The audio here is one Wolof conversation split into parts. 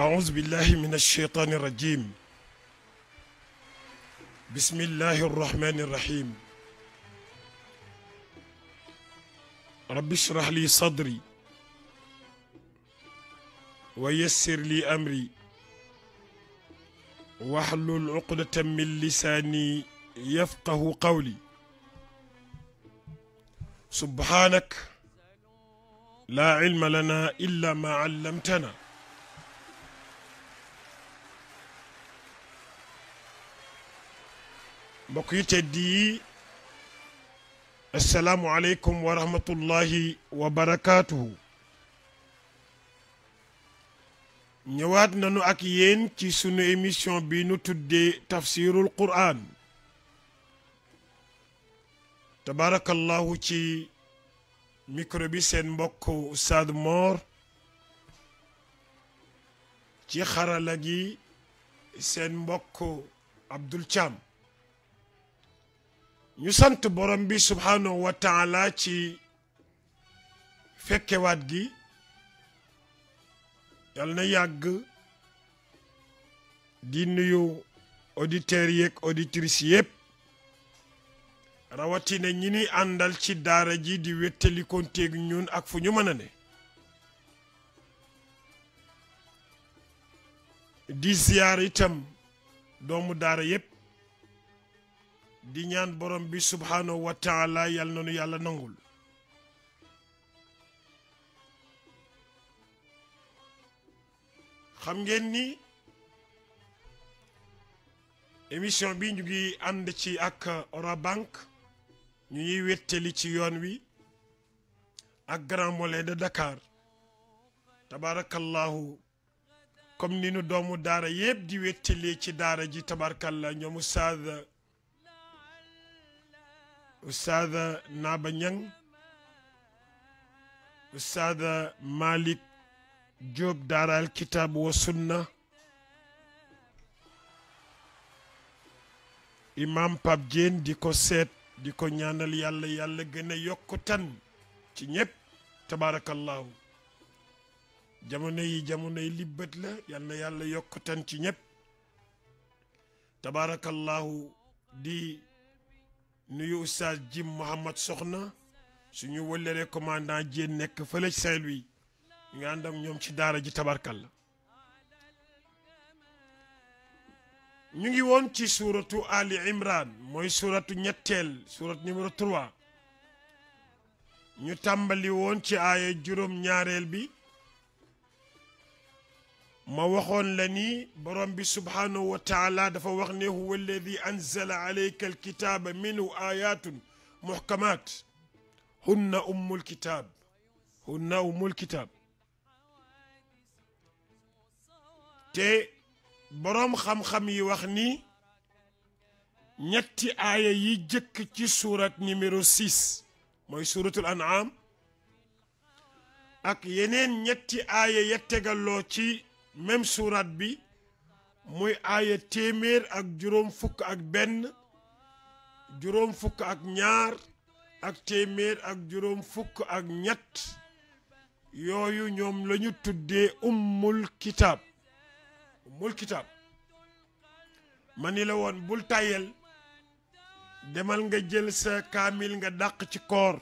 أعوذ بالله من الشيطان الرجيم بسم الله الرحمن الرحيم رب اشرح لي صدري ويسر لي أمري واحلل عقدة من لساني يفقه قولي سبحانك لا علم لنا إلا ما علمتنا mbokk yi tedd yi asalaamualeykum wa rahmatullahi wa barakaatuhu ñëwaat nañu ak yéen ci sunu émission bi nu tuddee tafsirul qur'an tabaarakallahu ci micro bi seen mbokk Oustaz Mor ci xarala gi seen mbokk Abdul Thiam ñu sant borom bi subhaanahu wa taala ci fekkewaat gi yal na yàgg di nuyu auditeurs yeeg auditrices yëpp rawatina ñi ni àndal ci daara ji di wéttali konteeg ñun ak fu ñu mën a ne di itam doomu daara yëpp di ñaan borom bi subhaanahu wa taala yàlla na nu yàlla nangul xam ngeen ni émission bi ñu ngi ànd ci ak Orabank ñu ñuy wéttali ci yoon wi ak Grand Moulin de Dakar tabarakallahu comme ni nu doomu daara yëpp di wéttalee ci daara ji tabarakallah ñoomu saada Oustaz Naba Niang Oustaz Malick Diop daaral kitab wa sunna imam Pape di ko seet di ko ñaanal yàlla yàlla gën a yokku ci ñépp tabaarakallaahu jamono yi jamono yi libbët la yal yàlla yokku tan ci ñëpp tabaarakallaahu di nuyu oustaz Jim Mouhamad Soxna suñu wëllaree commandant ji nekk fële ci saint ñu ngi ñoom ci daara ji tabarkal la ñu ngi woon ci suuratu Ali Imran mooy suuratu ñetteel suuratu numéro 3 ñu tàmbali woon ci aaya juróom ñaareel bi ما وخون لاني بروم سبحانه وتعالى دا فا هو الذي انزل عليك الكتاب منه ايات محكمات هن ام الكتاب هن ام الكتاب تي برم خم خم يي وخني نياتي ايه يي جيك تي سوره نيميرو 6 موي سوره الانعام اك يينين نياتي ايه يتغالو تي même suuraat bi muy aaya téeméer ak juróom fukk ak benn juróom fukk ak ñaar ak téeméer ak juróom fukk ak ñett yooyu ñoom lañu ñu tuddee ummul kitaab kitaab ma ni la woon bul tayel demal nga jël sa kaamil nga dàq ci koor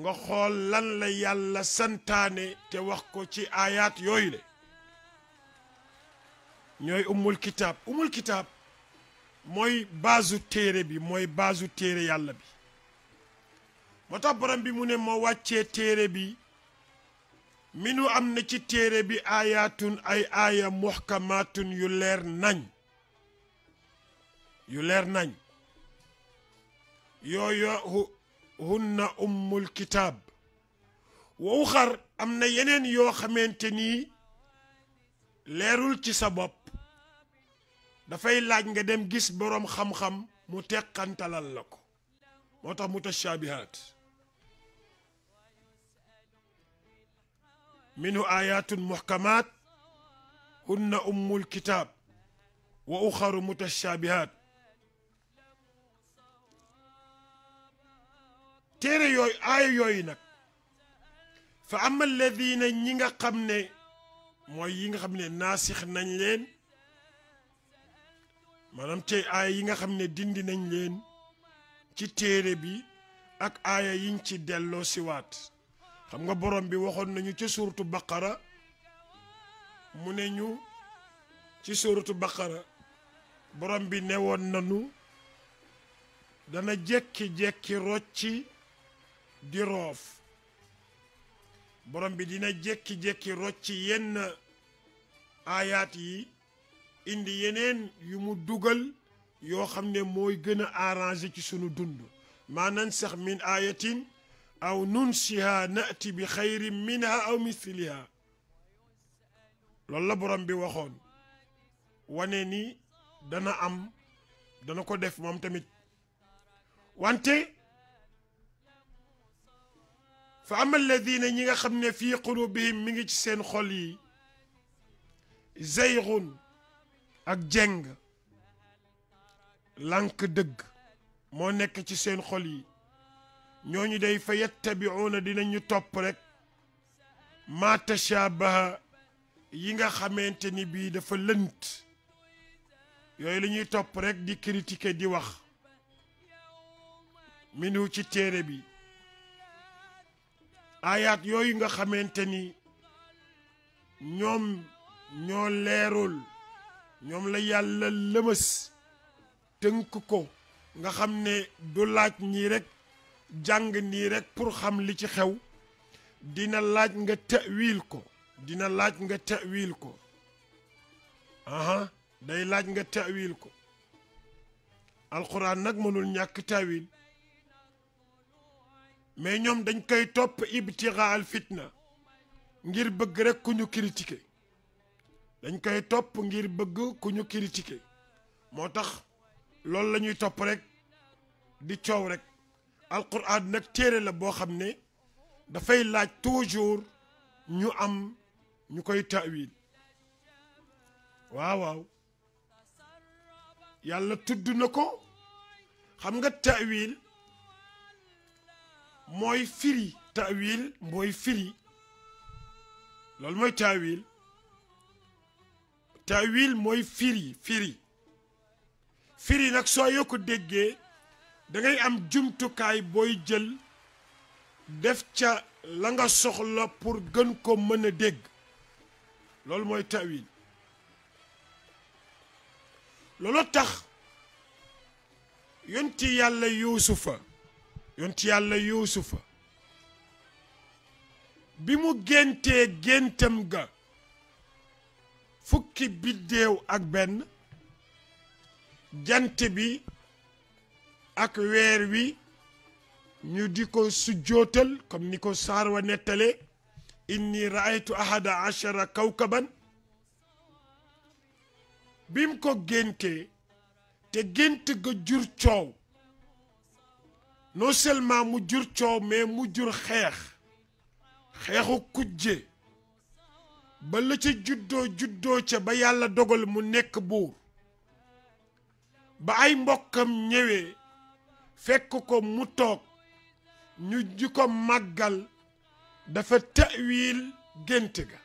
nga xool lan la yàlla santaane te wax ko ci aayaat yooyu le ñoy umul kitab umul kitab moy bazu téré bi moy bazu téré yàlla bi moo borom bi mune mo wacce téré bi minu amna ci téré bi ayatun ay aya muhkamatun yu leer nañ yu leer nañ yo hunna umul kitab wa ukhar amna yenen yo xamanteni leerul ci sa bop da fay laaj nga dem gis borom xam-xam mu tekantalal lako motax mutashabihat minhu ayatun muhkamat hunna umul kitab wa ukharu mutashabihat tere yoy ay yoy nak fa amma alladhina ñi nga xam ne yi nga xamne nasikh nañ leen maanaam tey aaya yi nga xam ne dindi nañ leen ci téere bi ak aaya yiñ ci delloo siwaat xam nga borom bi waxoon nañu ci suuratu baqara mu ne ñu ci suuratu baqara borom bi newoon nañu dana jekki-jekki rocci di roof borom bi dina jekki-jekki ci yenn aayaat yi indi yeneen yu mu dugal yoo xam ne mooy gën a arrangé ci sunu dund maa sax min ayatin aw nunsiha nati bi xayrin minha aw misliha loolu la borom bi waxoon wane ni dana am dana ko def moom tamit wante fa am alladina ñi nga xam ne fii qulubihim mi ngi ci seen xol yi zaygun ak jeng lànk dëgg moo nekk ci seen xol yi ñoo ñooñu day fa yattabiuuna dinañu topp rek maa tashaabaha yi nga xamante ni bii dafa lënt yooyu lañuy topp rekk di critiquer di wax minu ci téere bi ayaat yooyu nga xamante ni ñoom ñoo leerul ñoom la yàlla lëmës tënk ko nga xam ne du laaj nii rekk jàng nii rekk pour xam li ci xew dina laaj nga ta'wil ko dina laaj nga ta'wil ko aha laaj nga ta'wil ko alxuraan nag mënul ñàkk ta'wil mais ñoom dañ koy topp ibtiga al fitna ngir bëgg rek ku ñu critiquer dañ koy topp ngir bëgg ku ñu critiquer moo tax loolu la ñuy topp rekk di coow rek alquran nag téere la boo xam ne dafay laaj toujours ñu am ñu koy taawil waaw waaw yàlla tudd na ko xam nga taawil mooy firi taawil mooy firi loolu mooy taawil tawil mooy firi firi firi nag soo yokk déggee da ngay am jumtukaay booy jël def ca la nga soxla pour gën ko mën dégg loolu mooy tawil loolu tax yonti yàlla yuusufa yonti yàlla yuusufa bi mu géntee géntam ga fukki biddéew ak benn jant bi ak weer wi ñu di ko sujjootal comme ni ko saar wa nettale inni raaytu ahada achara kawkaban bim ko géntee te gént ga jur coow non seulement mu jur coow mais mu jur xeex xeexu kujje ba la ca juddoo juddoo ca ba yàlla dogal mu nekk buur ba ay mbokkam ñëwee fekk ko mu toog ñu di ko màggal dafa ta'wiil gént ga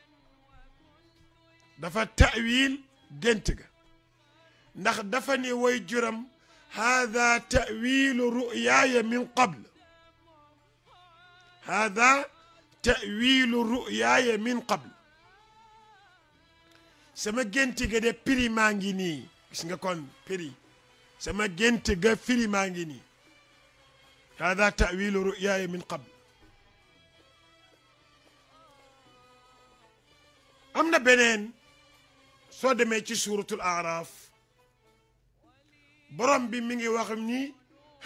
dafa ta'wiil gént ga ndax dafa ni way juram haada ta'wiilu ru'yaaya min qabl sama genti ga de piri maa ngi gis nga kon piri sama genti ga firi maa ngi hada tawilu ruyaaya min qabl amna benen so soo demee ci suratul a'raf borom bi mi ngi wax ni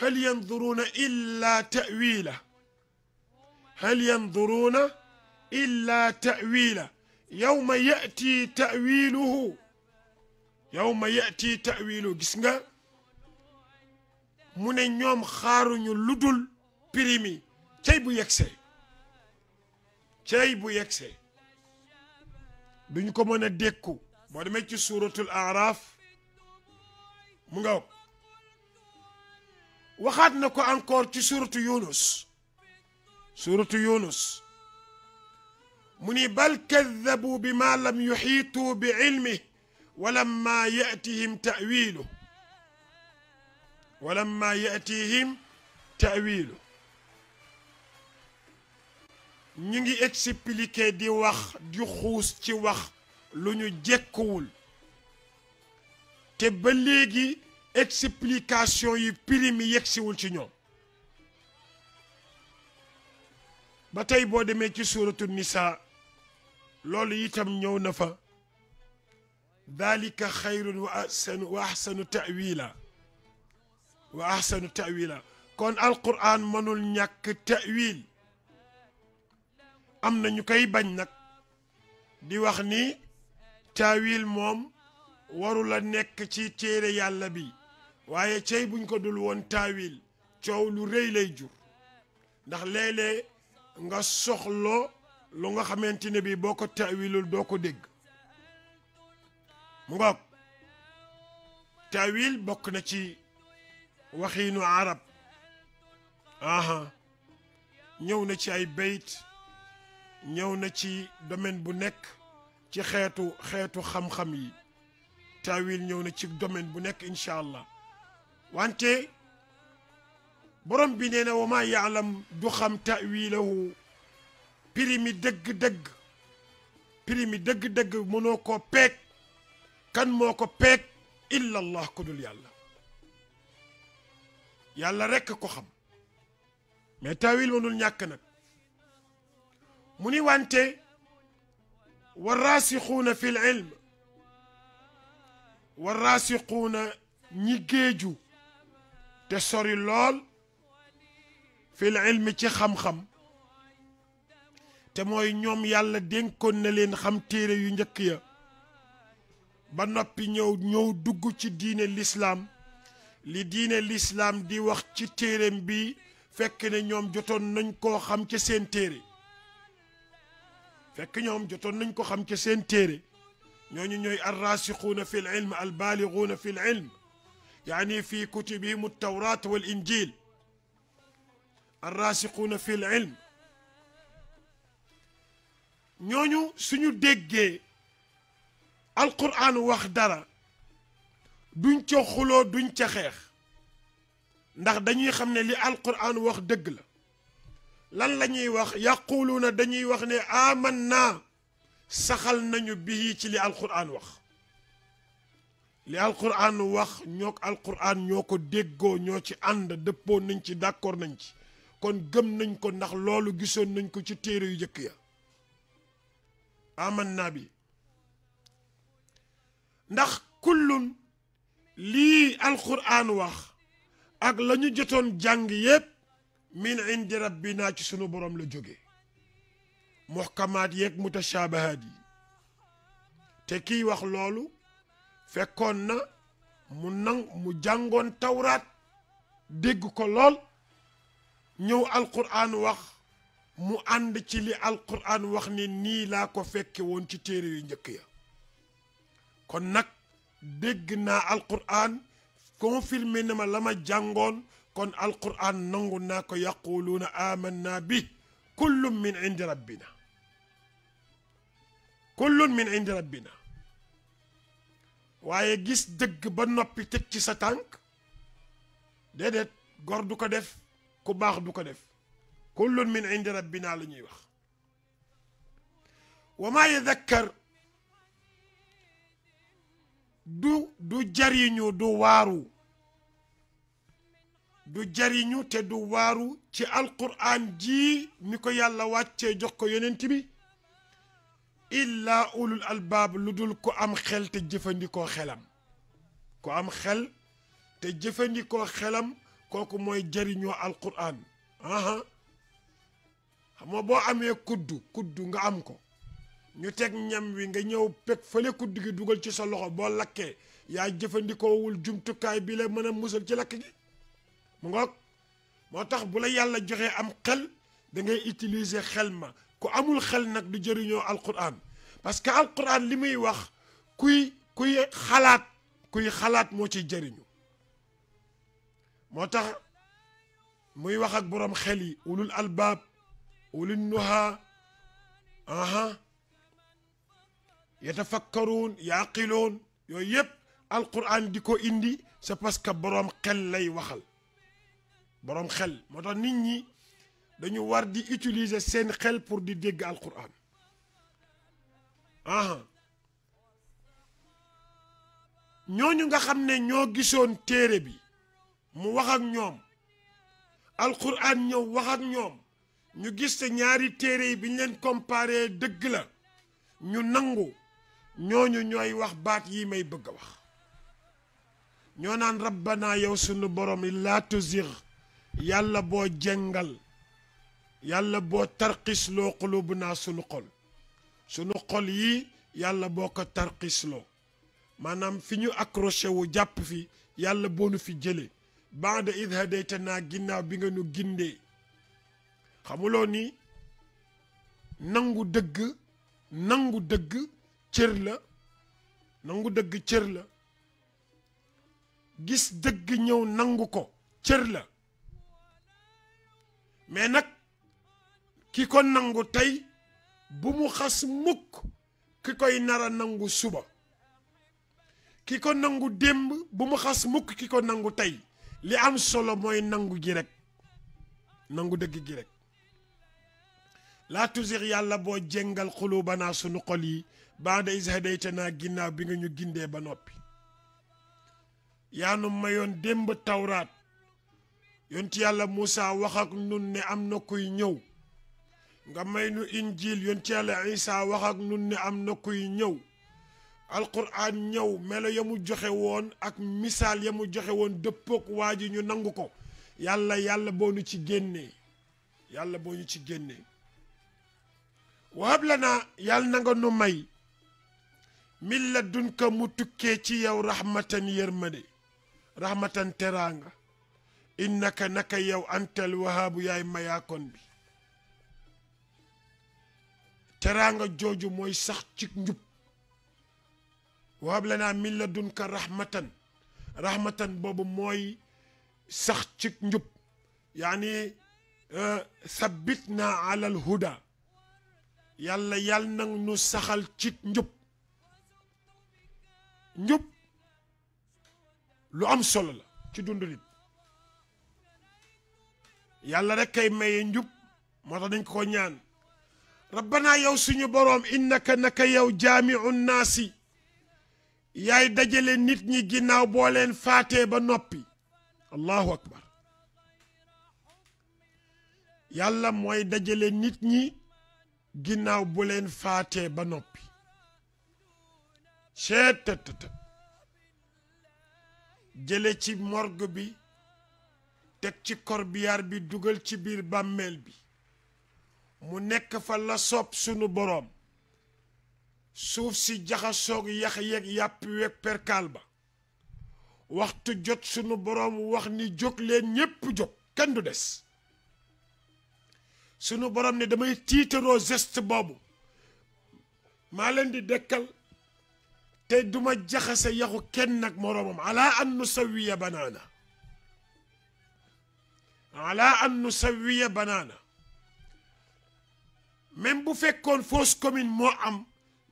hal yanzuruna illa ta'wila hal yanduruuna illa ta'wiila يوم يأتي تأويله يوم يأتي تأويله جسنا من يوم خارون لدول بريمي كيف يكسي كيف يكسي دنكم ديكو الدكو بعد ما سورة الأعراف مغاو وخاتنا كو انكور تي سورة يونس سورة يونس مني بل كذبوا بما لم يحيطوا بعلمه ولما يأتهم تأويله ولما يأتيهم تأويله نيجي اكسبليكي دي واخ دي خوس تي واخ لو ني جيكول تي بليغي اكسبليكاسيون يي بريمي يكسي وول تي نيو با تاي بو ديمي تي سوره النساء loolu itam ñëw na fa dalika xayrun wa ahsanu wa ahsanu tawila wa ahsanu tawila kon alquran mënul ñàkk tawil am na ñu koy bañ nag di wax ni tawil moom waru la nekk ci téere yàlla bi waaye cey buñ ko dul woon tawil coow lu rëy lay jur ndax léeg-léeg nga soxloo lu nga xamante bi boko tawilul ko deg mu ngoog tawil bok na ci waxinu arab aha ñëw na ci ay bayt ñëw na ci domaine bu nek ci xetu xetu xam-xam yi tawil ñëw na ci domaine bu nek inshallah wante borom bi neena wama ya'lam du xam ta'wilahu pirimi deug deug pirimi deug deug monoko pek kan moko pek illa allah kudul yàlla yàlla rek ko xam mais tawil mënul ñak nak muni wante wa raasixuuna fi ilm wa raasixuuna ñi géeju te sori lol fi ilm ci xam-xam te mooy ñoom yàlla dénkoon na leen xam téere yu njëkk ya ba noppi ñëw ñëw dugg ci diine lislaam li diine lislaam di wax ci téereem bi fekk ne ñoom jotoon nañ koo xam ca seen téere fekk ñoom jotoon nañ ko xam ca seen téere ñooñu ñooy arraasixuuna fi l ilm albaaliguuna fi l ilm yaani fi kutubihim altawrat wal injil arraasixuuna fi l ñooñu suñu déggee alquran wax dara duñ ca xuloo duñ ca xeex ndax dañuy xam ne li alquran wax dëgg la lan lañuy wax wax na dañuy wax ne aman naa saxal nañu bii ci li alquran wax li alquran wax ñoo alquran ñoo ko déggoo ñoo ci ànd dëppoo nañ ci d'accord nañ ci kon gëm nañ ko ndax loolu gisoon nañ ko ci téere yu jëkk ya amanna bi ndax kullun lii alquraan wax ak la ñu jotoon jàng yépp miin indi rabbina ci sunu boroom la jóge muhkamaat yeeg mutashaabahaat yi te kiy wax loolu fekkoon na mu nang mu jàngoon tawraat dégg ko lool ñëw alquraan wax mu ànd ci li alquran wax ni nii laa ko fekke woon ci téere yu njëkk ya kon nag dégg naa alquran confirmé na ma lama jàngoon kon alquran nangu naa ko yaquluuna amanna bi kullum min indi rabbina kullum min indi rabbina waaye gis dëgg ba noppi teg ci sa tànk déedéet gor du ko def ku baax du ko def كل من عند ربنا لني وخ وما يذكر دو دو جارينيو دو وارو دو جارينيو تي دو وارو تي القران جي نيكو يالا واتي جوكو يوننتي الا اول الالباب لدول كو ام خيل تي جيفانديكو خيلام كو ام خيل تي جيفانديكو خيلام كو مو جارينيو القران اها uh xam nga boo amee kuddu kuddu nga am ko ñu teg ñam wi nga ñëw peg fële kuddu gi dugal ci sa loxo boo lakkee yaa jëfandikoowul jumtukaay bi la mën a musal ci lakk gi mu ngoog moo tax bu la yàlla joxee am xel da ngay utiliser xel ma ku amul xel nag du jëriñoo alquran parce que alquran li muy wax kuy kuy xalaat kuy xalaat moo ci jëriñu moo tax muy wax ak borom xel yi ulul albaab وللنهى اها يتفكرون يعقلون yooyu yëpp alquran di ko indi c'est parce que boroom xel lay waxal boroom xel moo tax nit ñi dañu war di utiliser seen xel pour di dégg alquran aha ñooñu nga xam ne ñoo gisoon téere bi mu wax ak ñoom alquran ñëw wax ak ñoom ñu gis te ñaari téere yi bi leen comparer dëgg la ñu nangu ñooñu ñooy wax baat yi may bëgg a wax ñoo naan rabbana yow sunu borom yi laatu tuzigh yàlla boo jengal yàlla boo tarxisloo qulubuna sunu xol sunu xol yi yàlla boo ko tarxisloo maanaam fi ñu accroché wu jàpp fi yàlla boo nu fi jële baada id naa ginnaaw bi nga ñu gindee xamuloo ni nangu dëgg nangu dëgg cër la nangu dëgg cër la gis dëgg ñëw nangu ko cër la mais nag ki ko nangu tey bu mu xas mukk ki koy nara nangu suba ki ko nangu démb bu mu xas mukk ki ko nangu tey li am solo mooy nangu ji rekk nangu dëgg ji rek laa tusir yàlla boo jéngal xulubanaa sunu xol yi baada is hadaytanaa ginnaaw bi nga ñu gindee ba noppi yaanu mayoon démb tawraat ci yàlla Moussa wax ak nun ne am na kuy ñëw nga may nu injil yonti yàlla Isa wax ak nun ne am na kuy ñëw alquran ñëw melo ya mu joxe woon ak misaal ya mu joxe woon dëppook waa ji ñu nangu ko yàlla yàlla boo ñu ci génnee yàlla boo ñu ci génnee wahab lanaa yàlla nu may milla la dunka mu ci yow rahmatan yërmande rahmatan teraanga innaka naka yow antal wahaabu yaay mayaakon bi teraanga jooju mooy sax ci njub wahab lanaa min dunka rahmatan rahmatan boobu mooy sax ci njub yaani eh, sabbit naa alal yàlla yàl nag nu saxal ci njub njub lu am solo la ci dundu nit yàlla rek kay maye njub moo tax dañ ko ñaan rabbana yow suñu boroom innaka naka yow jaamiu naasi yaay dajale nit ñi ginnaaw boo leen faatee ba noppi allahu akbar yàlla mooy dajale nit ñi ginnaaw bu leen faatee ba noppi seet ci morgue bi teg ci corbillard bi dugal ci biir bàmmeel bi mu nekk fa la soob sunu boroom suuf si jaxasoog yax yeeg yàpp weeg perkaal ba waxtu jot sunu boroom wax ni jóg leen ñépp jóg kenn du des sunu borom ne damay tiitaroo geste boobu maa leen di dëkkal te duma jaxase yaxu kenn nag moroomam ala an nusawiya banana ala an nusawiya banana même bu fekkoon fausse commune moo am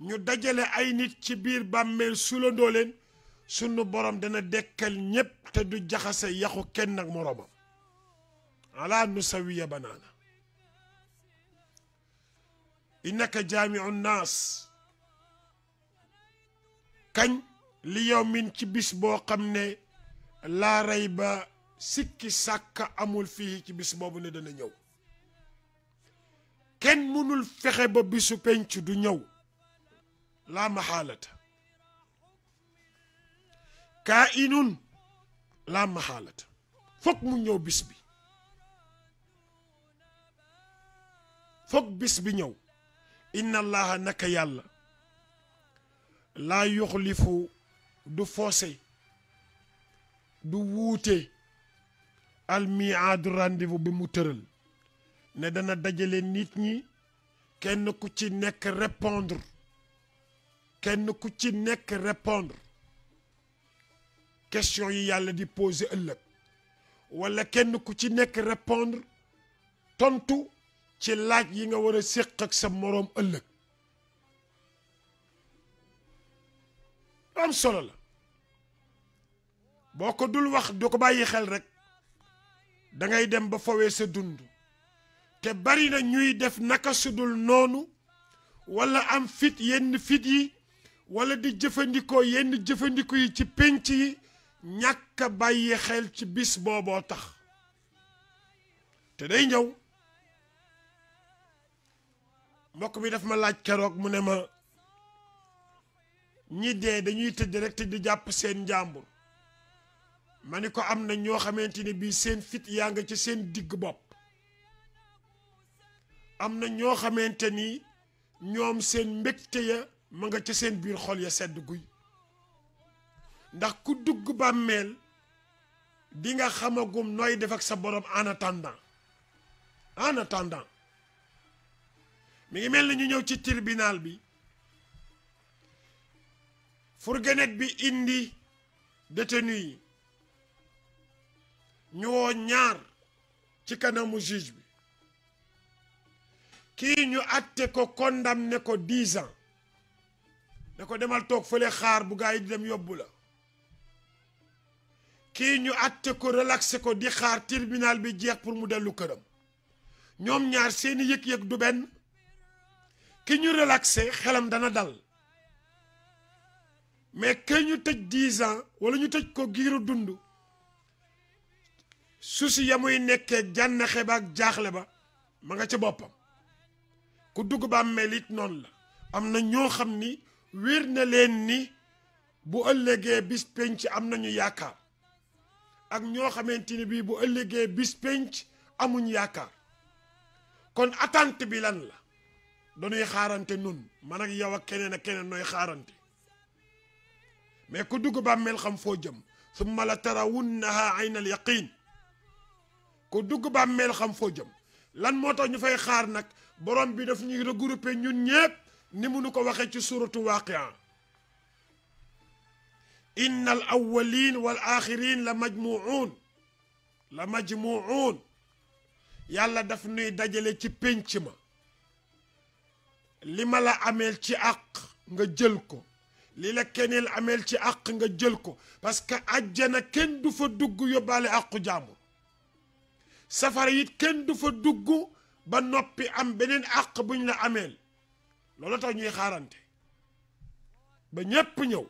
ñu dajale ay nit ci biir bàmmeel sulandoo leen sunu borom dana dekkal ñépp te du jaxase yaxu kenn nag moroomam ala an nusawiya banana innaka jaamiu naas kañ li yow min ci bis boo xam ne laa rey ba sikki sàkk amul fii ci bis boobu ne dana ñëw kenn mënul fexe ba bisu penc du ñëw laa maxaalata kaa inun laa maxaalata foog mu ñëw bis bi foog bis bi ñëw inna Allah naka yàlla La yuxlifu du foose du wuute al miaadu rendez-vous bi mu tëral ne dana dajale nit ñi kenn ku ci répondre kenn ku ci répondre question yi yalla di poser elle wala kenn ku ci nek répondre tontu ci laaj yi nga war a séq ak sa moroom ëllëg am solo la boo ko dul wax du ko bàyyi xel rekk dangay dem ba fowee sa dund te bari na ñuy def naka sudul noonu walla am fit yenn fit yi walla di jëfandikoo yenn jëfandiku yi ci pénc yi ñàkk a bàyyi xel ci bis booboo tax te day ñëw mbokk bi daf ma laaj keroog mu ne ma ñi dee dañuy tëdd rek te di jàpp seen njàmbur ma ni ko am na ñoo xamante ne bii seen fit yaa nga ci seen digg bopp am na ñoo xamante ni ñoom seen mbégte ya ma nga ca seen biir xol ya sedd guy ndax ku dugg bàmmeel di nga xamagum nooy def ak sa borom en attendant en attendant mi ngi mel na ñu ñëw ci tribunal bi fourgonnette bi indi détenu yi ñu woo ñaar ci kanamu juge bi kii ñu àtte ko condamné ko dix ne ko demal toog fële xaar bu gaa yi dem yóbbu la kii ñu àtte ko relaxé ko di xaar tribunal bi jeex pour mu dellu këram ñoom ñaar seeni yëg-yëg du benn ki ñu relaxé xelam dana dal mais que ñu tëj dix ans wala ñu tëj ko giiru dund souci ya muy nekkee jànnaxe ba ak jaaxle ba ma nga ca boppam ku dugg ba mel it noonu la am na ñoo xam ni wiir na leen ni bu ëllëgee bis penc am nañu yaakaar ak ñoo xamante ni bii bu ëllëgee bis penc amuñ yaakaar kon atant bi lan la dañuy xaarante nun man ak yow ak keneen ak keneen nooy xaarante mais ku dugg bàmmeel xam foo jëm summa la tarawunnaha ayna al yaqin ku dugg bàmmeel xam foo jëm lan moo tax ñu fay xaar nag borom bi daf ñuy regroupé ñun ñépp ni mu nu ko waxee ci suratu waaqia inna al awwalin wal axirin la majmuun la majmuun yàlla daf nuy dajale ci pénc ma li ma la ameel ci àq nga jël ko li la keneel ameel ci àq nga jël ko parce que àjjana kenn du fa dugg yóbbaale àqu jàmbur safara yit kenn du fa dugg ba noppi am beneen àq buñ la ameel loolu tax ñuy xaarante ba ñépp ñëw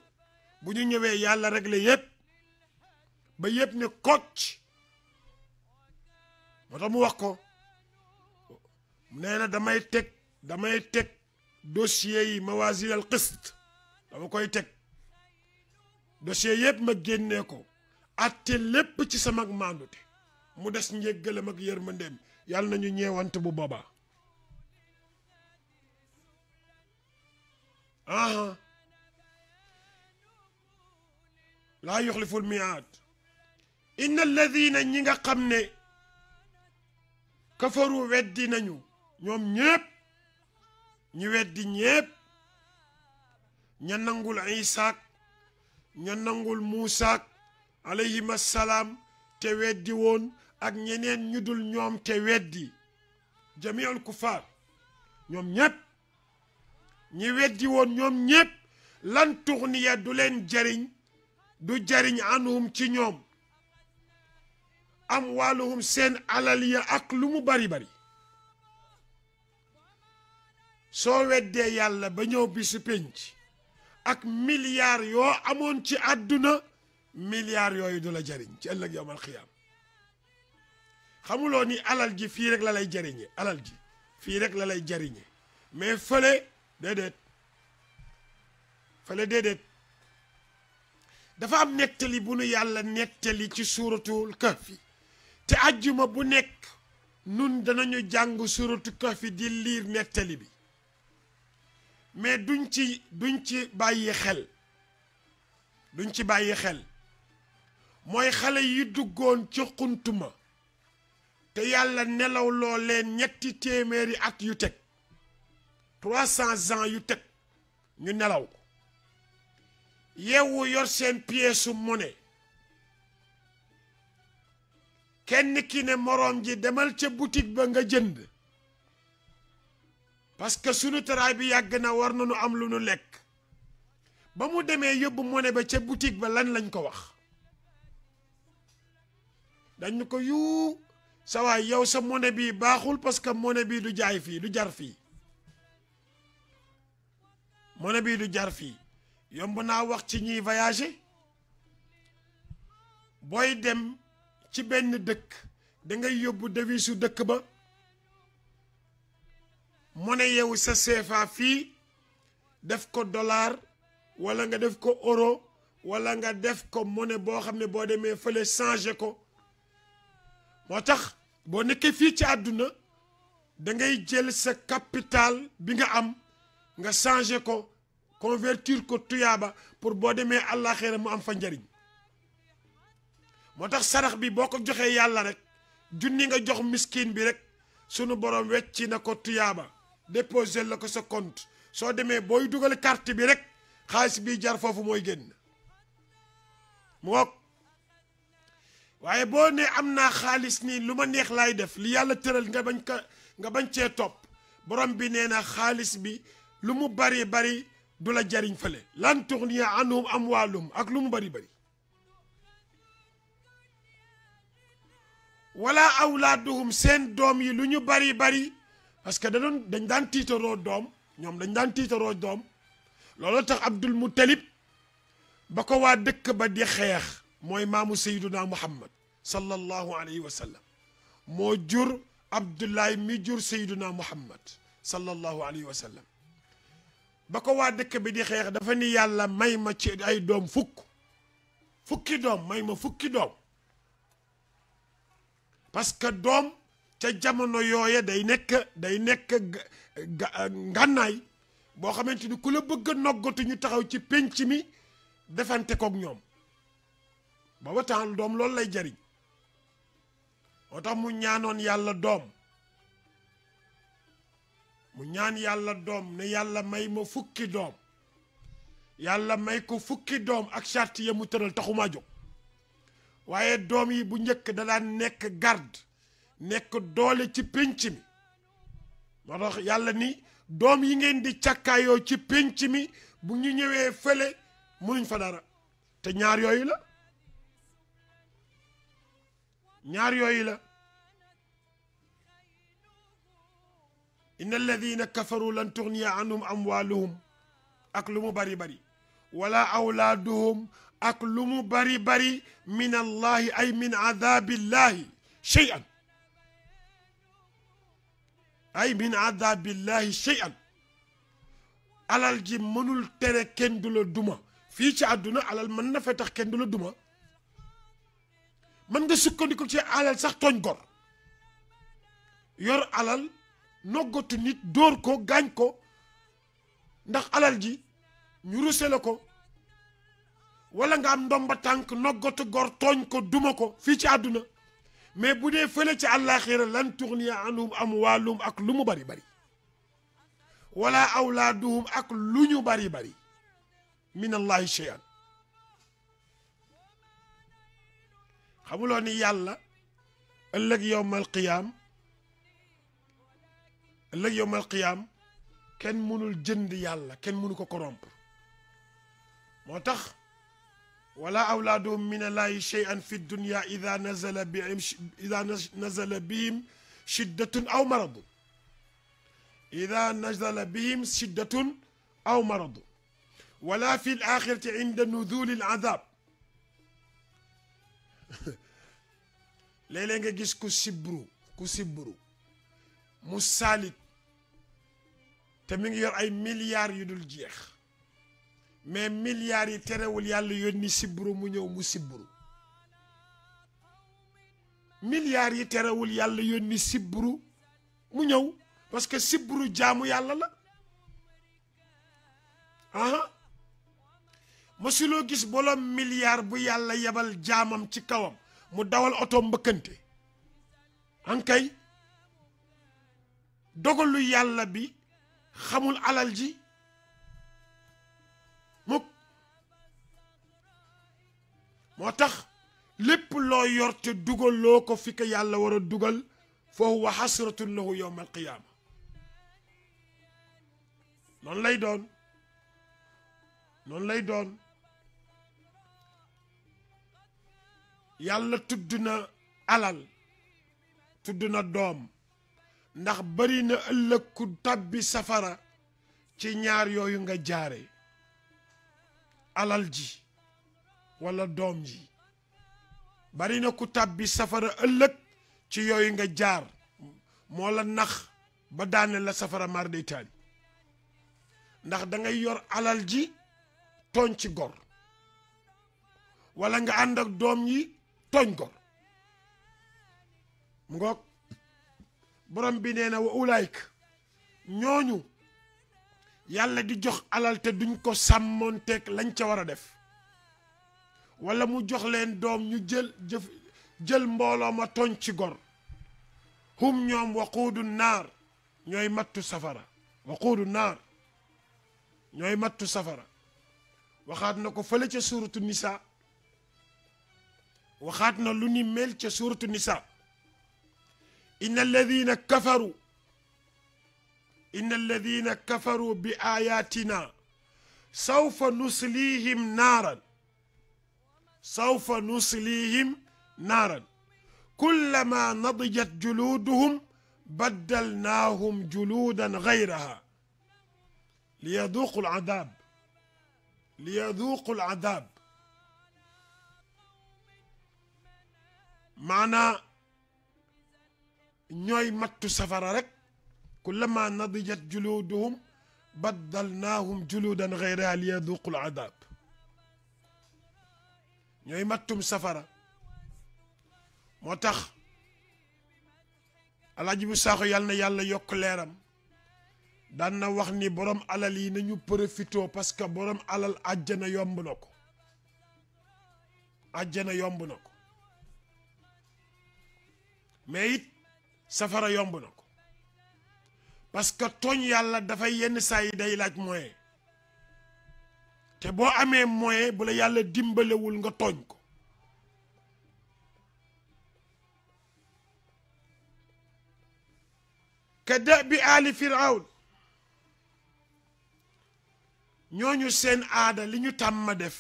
bu ñu ñëwee yàlla réglé yépp ba yépp ne kocc moo tax mu wax ko nee na damay teg damay teg dossier mawazir al qist dama koy tek dossier yeb ma genné ko atte lépp ci sama ak mandouté mu des njéggalam ak yermandem yàlla nañu ñewante bu baba aha laa yuxlifu lmiaad إن الذين ñi nga xam ne kafaru weddi nañu ñu wéddi ñepp ña nangul isa ña nangul musa alayhi assalam te wéddi woon ak ñeneen ñu dul ñoom te wéddi jamiul kufar ñoom ñepp ñi wéddi woon ñoom ñepp lan tourniya du leen jariñ du jariñ anhum ci ñoom waluhum seen alal ya ak lu mu bari bari soo weddee yàlla ba ñëw bisu pénc ak milliards yoo amoon ci àdduna milliards yooyu du la jariñ ci ëllëg yowmal xiyaam xamuloo ni alal ji fii rek la lay jariñe alal ji fii rek la lay jariñe mais fële déedéet fële déedéet dafa am nettali bu nu yàlla nettali ci suuratul kahfi te ajjuma bu nekk nun danañu jàng suuratu kahfi di liir nettali bi mais duñ ci duñ ci bàyyi xel duñ ci bàyyi xel mooy xale yi duggoon ci xuntuma te yàlla nelaw loo leen ñetti téeméeri at yu teg trois cents ans yu teg ñu nelaw ko yeewu yor seen pièce monnaie kenn ki ne moroom ji demal ca boutique ba nga jënd parce que sunu teraay bi yàgg na war na nu am lu nu lekk ba mu demee yóbbu mone ba ca boutique ba lan lañ ko wax dañ ko yuu sa waay yow sa mone bii baaxul parce que monnaie bii du jaay fii du jar fii mone bii du jar fii yomb naa wax ci ñiy voyager booy dem ci benn dëkk da ngay yóbbu devise dëkk ba monnaie yewu sa CFA fii def ko dollar wala nga def ko euro wala nga def ko monnaie boo xam ne boo demee fële changé ko moo tax boo nekkee fii ci àdduna da ngay jël sa capital bi nga am nga changé ko convertir ko tuyaaba pour boo demee àllaaxira mu am fa njariñ moo tax sarax bi boo ko joxee yàlla rek junni nga jox miskin bi rek sunu borom wecci na ko tuyaaba déposé la ko sa compte soo demee booy dugal carte bi rek xaalis bi jar foofu mooy génn mu ngoog waaye boo ne am naa xaalis nii lu ma neex laay def li yàlla tëral nga bañ ka nga bañ cee topp borom bi nee na xaalis bi lu mu bari bari du la jariñ fële lan tuxniya anhum amwaalum ak lu mu bari bari wala awlaaduhum seen doom yi lu ñu bari bari parce que dan titéro dom ñom dañ dañ daan tiitaroo doom ñoom dañ daan tiitaroo doom loolu tax abdul muttalib bako wa dëkk ba di xex moy maamu sayyiduna muhammad sallallahu alayhi wa sallam mo jur abdullah mi jur sayyiduna muhammad sallallahu alayhi wa sallam bako wa dëkk bi di xex dafa ni yàlla may ma ci ay dom fukk fukki dom may ma fukki dom parce que dom ca jamono yooya day nekk day nekk ngànnaay boo xamante ni ku la bëgg a noggatu ñu taxaw ci pénc mi defante kook ñoom booba temps doom loolu lay jariñ moo tax mu ñaanoon yàlla doom mu ñaan yàlla doom ne yàlla may ma fukki doom yàlla may ko fukki doom ak charte ya mu tëral taxumaa jóg waaye doom yi bu njëkk da daan nekk garde nek doole ci pénc mi moo tax yàlla ni doom yi ngeen di càkkaayoo ci pénc mi bu ñu ñëwee fële munuñ fa dara te ñaar yooyu la ñaar yooyu la إن الذين كفروا لن تغني عنهم أموالهم اكلوا بري بري ولا أولادهم اكلوا بري بري من الله أي من عذاب الله شيئا اي من عذاب الله شيئا على الجي منول تري كندلو دوما في تي ادونا على المن فتح كندلو دوما من نغي سكونديكو تي على صاح توغ غور يور علال نوغوت نيت دور كو غان كو ندخ علال جي ني روسلكو ولا nga am ndomba tank nogotu gor togn ko duma ko fi mais boudé dee fële ci akhir lan tourniya anhum amwalum ak lumu bari bari wala awladuhum ak luñu bari bari min allah shay'an xamuloni yàlla ëlëk yowmal qiyam ëlëk yowmal qiyam kenn mënul jënd yàlla kenn mënu ko corrompre motax ولا أولادهم من الله شيئا في الدنيا إذا نزل بهم إذا نزل بهم شدة أو مرض إذا نزل بهم شدة أو مرض ولا في الآخرة عند نزول العذاب ليلة leeg كسبرو كسبرو مسالك تمين يرأي مليار يدل جيخ mais milliards yi terewul yàlla yónni sibbiru mu ñëw mu sibbiru milliards yi terewul yàlla yónni sibbiru mu ñëw parce que sibbiru jaamu yàlla la aha mësuloo gis boroom milliard bu yàlla yebal jaamam ci kawam mu dawal oto mbëkkante ankay dogalu yàlla bi xamul alal ji moo tax lépp loo yor te dugaloo ko fi ko yàlla wara dugal fa huwa xasratun lahu yowma alqiyaama noonu lay doon noonu lay doon yàlla tudd na alal tudd na doom ndax bari na ëllëg ku tàbbi safara ci ñaar yooyu nga jaare alal ji wala doom ji bari na ku tàbbi safara ëllëg ci yooyu nga jaar moo la nax ba daane la safara mar ndax dangay yor alal ji tooñ ci gor wala nga ànd ak doom yi tooñ gor mu ngoog borom bi nee na wa ulayk ñooñu yàlla di jox alal te duñ ko sàmmoonteeg lañ ca war a def wala mu jox leen doom ñu jël jëf jël mbooloo ma toñ ci gor hum ñoom waquudu naar ñooy mattu safara waquudu naar ñooy mattu safara waxaat na ko fële ca suuratu nisa waxaat na lu ni mel ca suuratu nisa inna alladina kafaru inna alladina kafaru bi ayatina sawfa nuslihim naaran سوف نصليهم نارا كلما نضجت جلودهم بدلناهم جلودا غيرها ليذوقوا العذاب ليذوقوا العذاب معنى نوي mattu سفر رك كلما نضجت جلودهم بدلناهم جلودا غيرها ليذوقوا العذاب ñooy mattum safara moo tax alaaji bu saaxo yàlla na yàlla yokk leeram daan na wax ni borom alal yi nañu profitoo parce que borom alal àjjana yomb na ko àjjana yomb na ko mais it safara yomb na ko parce que tooñ yàlla dafay yenn saa yi day laaj moyen te boo amee moyen bu la yàlla dimbalewul nga tooñ ko ka da bi aali firawn ñooñu seen aada li ñu tàmm def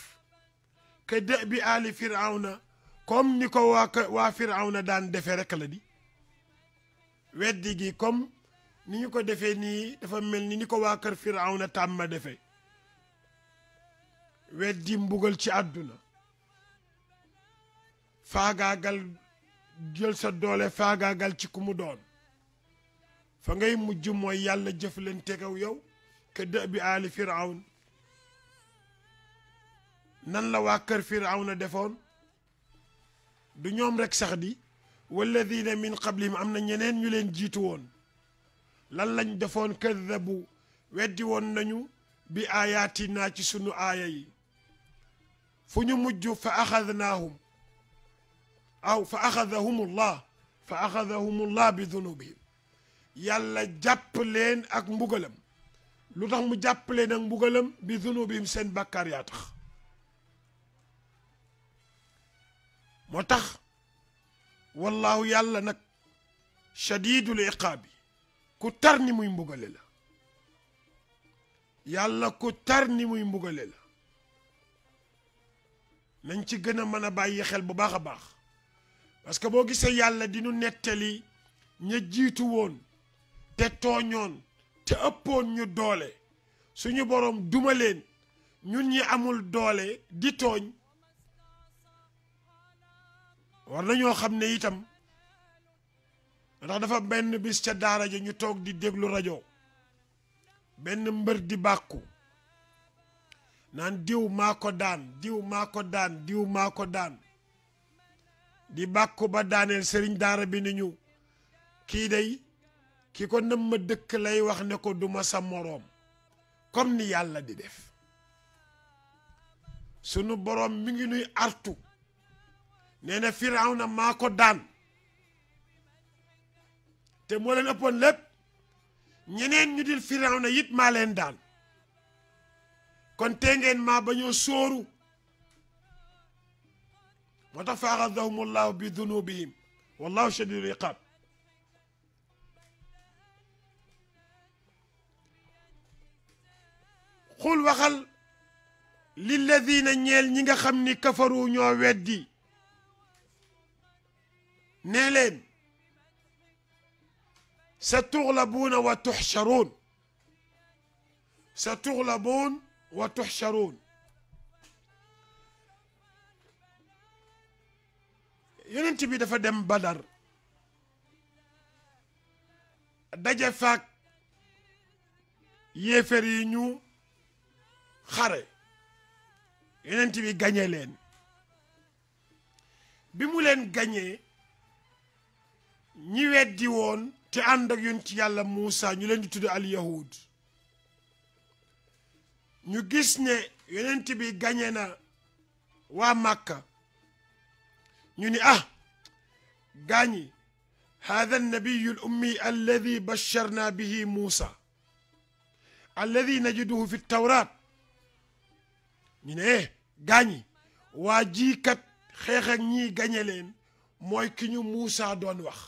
ka da bi aali na comme ni ko waa waa firawna daan defe rek la di weddi gi comme ni ñu ko defee nii dafa mel ni ni ko waa kër firawna tàmm defee weddi mbugal ci àdduna faagaagal jël sa doole faagaagal ci ku mu doon fa ngay mujj mooy yàlla jëf leen tegaw yow ke dë bi aali firawn nan la waa kër firawna defoon du ñoom rek sax di walladina min qablihim am na ñeneen ñu leen jiitu woon lan lañ defoon kadabu weddi woon nañu bi aayaati naa ci sunu aaya yi فني مج فأخذناهم أو فأخذهم الله فأخذهم الله بذنوبهم يلا جابلين أك مبغلم لوتاخ مو جابلين أك مبغلم بذنوبهم سن بكار ياتخ موتاخ والله يلا نك شديد العقاب كو ترني موي مبغلل يلا كو ترني موي مبغلل nañ ci gën a mën a bàyyi xel bu baax a baax parce que boo gisee yàlla di nettali ña jiitu woon te tooñoon te ëppoon ñu doole suñu boroom duma leen ñun ñi amul doole di tooñ war nañoo xam ne itam ndax dafa benn bis ca daara ja ñu toog di déglu rajo benn mbër di bàkku naan diw maa ko daan diw maa ko daan diw maa ko daan di bàkku ba daaneel sëriñ daara bi ni ñu kii day ki ko nëm ma dëkk lay wax ne ko duma sa moroom comme ni yàlla di def sunu boroom mi ngi nuy artu nee na Firawna maa ko daan te moo leen ëppoon lépp ñeneen ñu dil Firawna it maa leen daan kon te ngeen maa bañoo sóoru moo tax fa axadahum allahu bi dunubihim wallahu shadidul iqab xul waxal lilladina ñeel ñi nga xam ni kafaru ñoo weddi ne leen sa tuxlabuuna wa tuxcharuun sa tuxlabuun wa tuxcharuun yonent bi dafa dem badar daje faak yéefér yi ñu xare yonent bi gañe leen bi mu leen gañee ñi weddi woon te ànd ak yonent yàlla Muusa ñu leen di tudd al yahud ñu gis ne yonent bi gañe na waa makka ñu ni ah gaañi hada annabiyu l ummi alladi basharna bihi muusa ñu ne eh gaañi waa jiikat kat ak ñii gañe mooy ki ñu muusa doon wax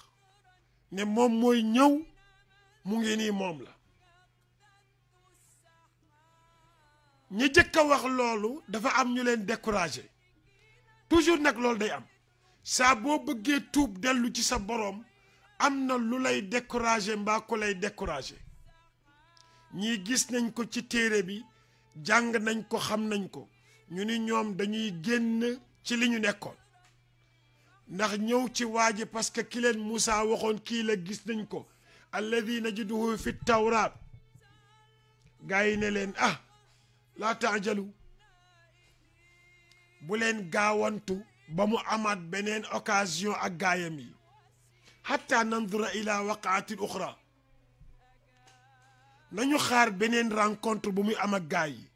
ne moom mooy ñëw mu ngi nii moom la ñi jëkk wax loolu dafa am ñu leen découragé toujours nag loolu day am saa boo bëggee tuub dellu ci sa boroom am na lu lay découragé mbaa ku lay découragé ñii gis nañ ko ci téere bi jàng nañ ko xam nañ ko ñu ni ñoom dañuy génn ci li ñu nekkoon ndax ñëw ci waa ji parce que ki leen Moussa waxoon kii la gis nañ ko na ji najiduhu fi tawraat gaa yi ne leen ah laa taajalu bu leen gaawantu ba mu amaat beneen occasion ak gaayam yi xatta nandura ila waqaatin uxra nañu xaar beneen rencontre bu muy am ak gaay yi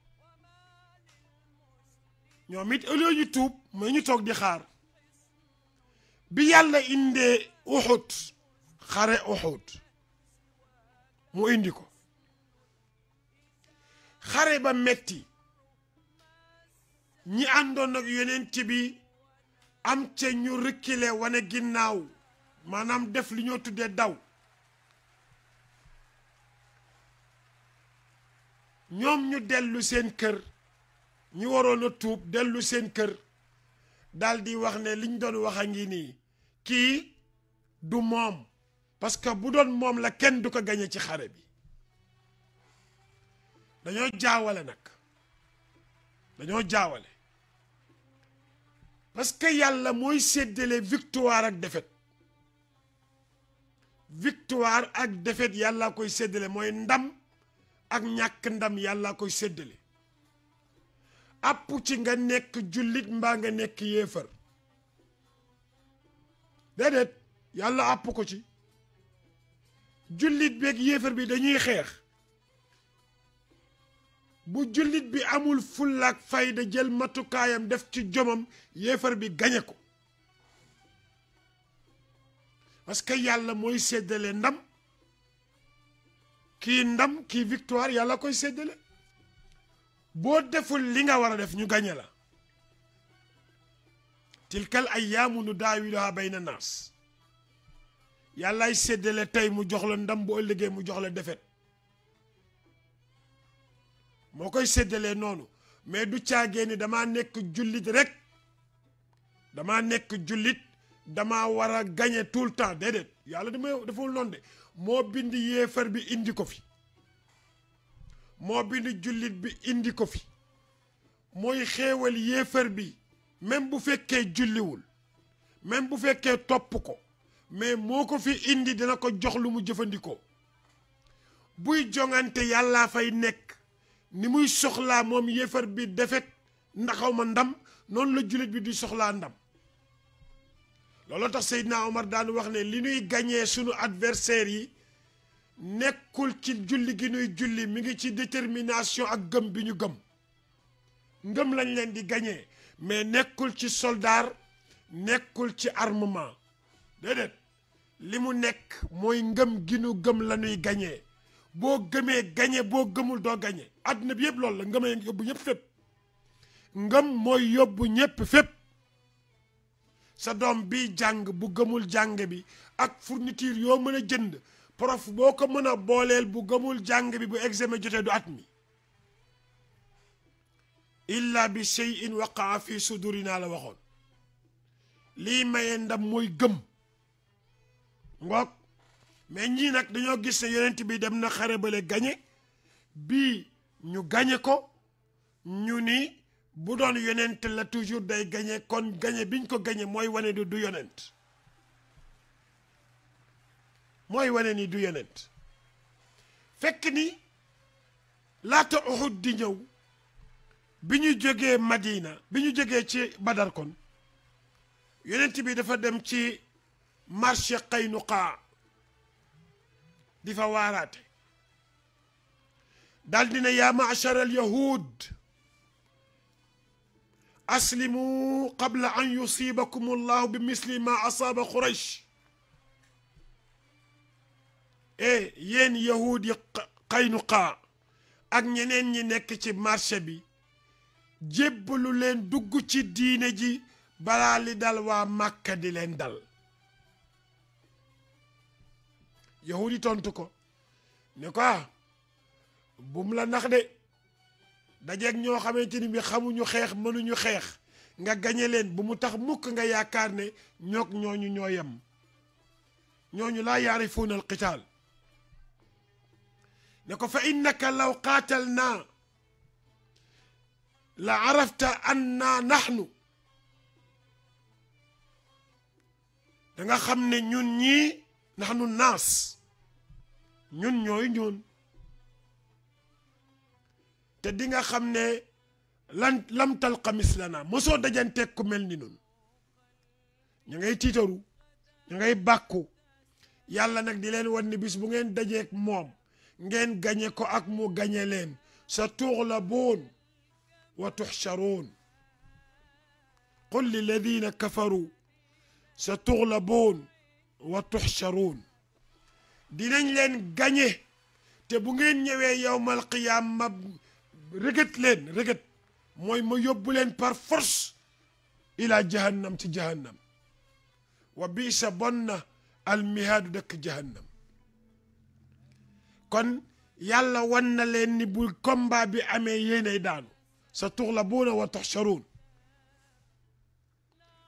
ñoom it au lieu ñu tuub ma ñu toog di xaar bi yàlla indee uxut xare uxut mu indi ko xare ba metti ñi àndoon ak yonent bi am ca ñu reculer wane ginnaaw maanaam def li ñoo tuddee daw ñoom ñu dellu seen kër ñu waroon a tuub dellu seen kër daldi wax ne liñ doon wax a ngi nii kii du moom parce que bu doon moom la kenn du ko gañe ci xare bi dañoo jaawale nag dañoo jaawale parce que yàlla mooy seddale victoire ak défaite victoire ak defet yàlla koy séddale mooy ndam ak ñàkk ndam yàlla koy séddale àpp ci nga nekk jullit mbaa nga nekk yéefar déedéet yàlla àpp ko ci jullit beeg yéefar bi dañuy xeex bu jullit bi amul fullaak fayda jël matukaayam def ci jomam yéefar bi gañe ko parce que yàlla mooy séddale ndam kii ndam kii victoire yàlla koy séddale boo deful li nga war a def ñu gañe la tilkal ayaamu nu daawiluha bayna naas yàllaay séddale tey mu jox la ndam bu ëllëgee mu jox la defet moo koy séddalee noonu mais du caagee ni damaa nekk jullit rek damaa nekk jullit dama war a gañe tout le temps déedéet yàlla dama deful noonu de moo bind yéefar bi indi ko fi moo bind jullit bi indi ko fi mooy xéewal yéefar bi même bu fekkee julliwul même bu fekkee topp ko mais moo ko fi indi dina ko jox lu mu jëfandikoo buy jongante yàllaa fay nekk ni muy soxla mom yéfer bi defet ndaxaw ma ndam non la jullit bi di soxla ndam looloo tax Seydina Omar daan wax ne li nuy gagner sunu adversaire yi nekkul ci julli gi nuy julli mi ngi ci détermination ak gëm bi ñu gëm ngëm lañ leen di gagner mais nekkul ci soldat nekkul ci armement dedet li mu nekk mooy ngëm gi ñu gëm la nuy gagner boo gëmee gañe boo gëmul doo gañe àdduna bi yëpp loolu la ngëmee yóbbu ñëpp fépp ngëm mooy yóbbu ñëpp fépp sa doom bi jàng bu gëmul jàng bi ak fourniture yoo mën a jënd prof boo ko mën a booleel bu gëmul jàng bi bu examen jotee du at mi illa bi shay'in waqaa fi sudurina la waxoon lii maye ndam mooy gëm ngoog mais ñii nag dañoo gis ne yonent bi dem na xare bale gañe bii ñu gañe ko ñu ni bu doon yeneent la toujours day gañe kon gañe biñ ko gañe mooy wane ni du yonent mooy wane ni du yonent fekk ni laata Uhud di ñëw bi ñu jógee Madina bi ñu jógee ci Badar kon yonent bi dafa dem ci marché Qaynuqa دي فوارات دالدنا يا معشر اليهود أسلموا قبل أن يصيبكم الله بمثل ما أصاب قريش إيه ين يهود قينقاع ak ñeneen ñi nekk ci marché bi jébbalu leen dugg ci diine ji balaa li dal waa màkka di leen dal yahudi tontu ko ne ko ah, bum la nax de ño ñoo xamante ni bi xex mënu ñu xex nga gagné len bu mu tax mukk nga yaakar ne ñok ñoñu ñoyam ñoñu la yarifuna yaarifuuna ne ko fa innaka law qatalna, la arafta anna nahnu da nga xamne ñun ñi نحن الناس ñun ñooy ñun te di nga xam ne lan lam talqa mislana mosoo dajanteeg ku mel ni nun ñu ngay tiitaru ñu ngay bàkku yàlla nag di leen wan ni bis bu ngeen dajeeg moom ngeen gañe ko ak mu gañe leen sa tuxlabuun wa tuxcharuun qul lilladina kafaru sa tuxlabuun wa tuxcharuun dinañ leen gañe te bu ngeen ñëwee yowmal qiyaam ma rëgët leen rëgët mooy ma yóbbu leen par force ila jahannam ci jahannam wa bisa bon na almihaadu dëkk jahannam kon yàlla wan na leen ni bu combat bi amee yéenay daanu sa tuxlabuuna wa tuxcharuun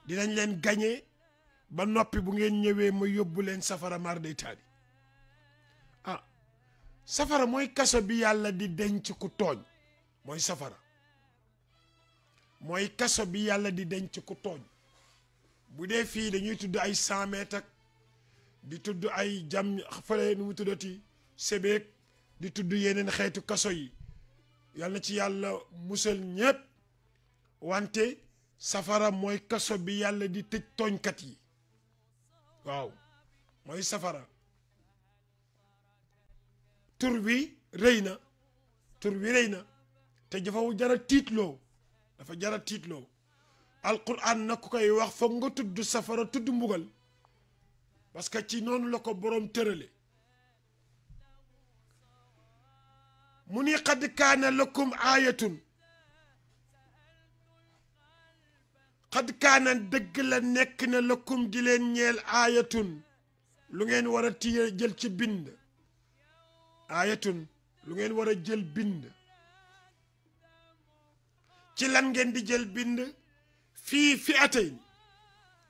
dinañ leen gañe ba noppi bu ngeen ñëwee ma yóbbu leen safara mar day ah, safara mooy kaso bi yàlla di denc ku tooñ mooy safara mooy kaso bi yàlla di denc ku tooñ bu dee fii dañuy tudd ay cent mètres di tudd ay jam fële nu mu tuddati sébeek di tudd yeneen xeetu kaso yi yàlla ci yàlla musal ñépp wante safara mooy kaso bi yàlla di tëj tooñkat yi waaw mooy safara tur wi rëy na tur wi rëy na te jafawu jara tiitloo dafa jara tiitloo alquran na ku koy wax foog nga tudd safara tudd mbugal parce que ci noonu la ko boroom tërale mu ni qad kaana lakum aayatun xad kaanan dëgg la nekk na lakum di leen ñeel aayatun lu ngeen war a tiye jël ci bind aayatun lu ngeen war a jël bind ci lan ngeen di jël bind fii fi atay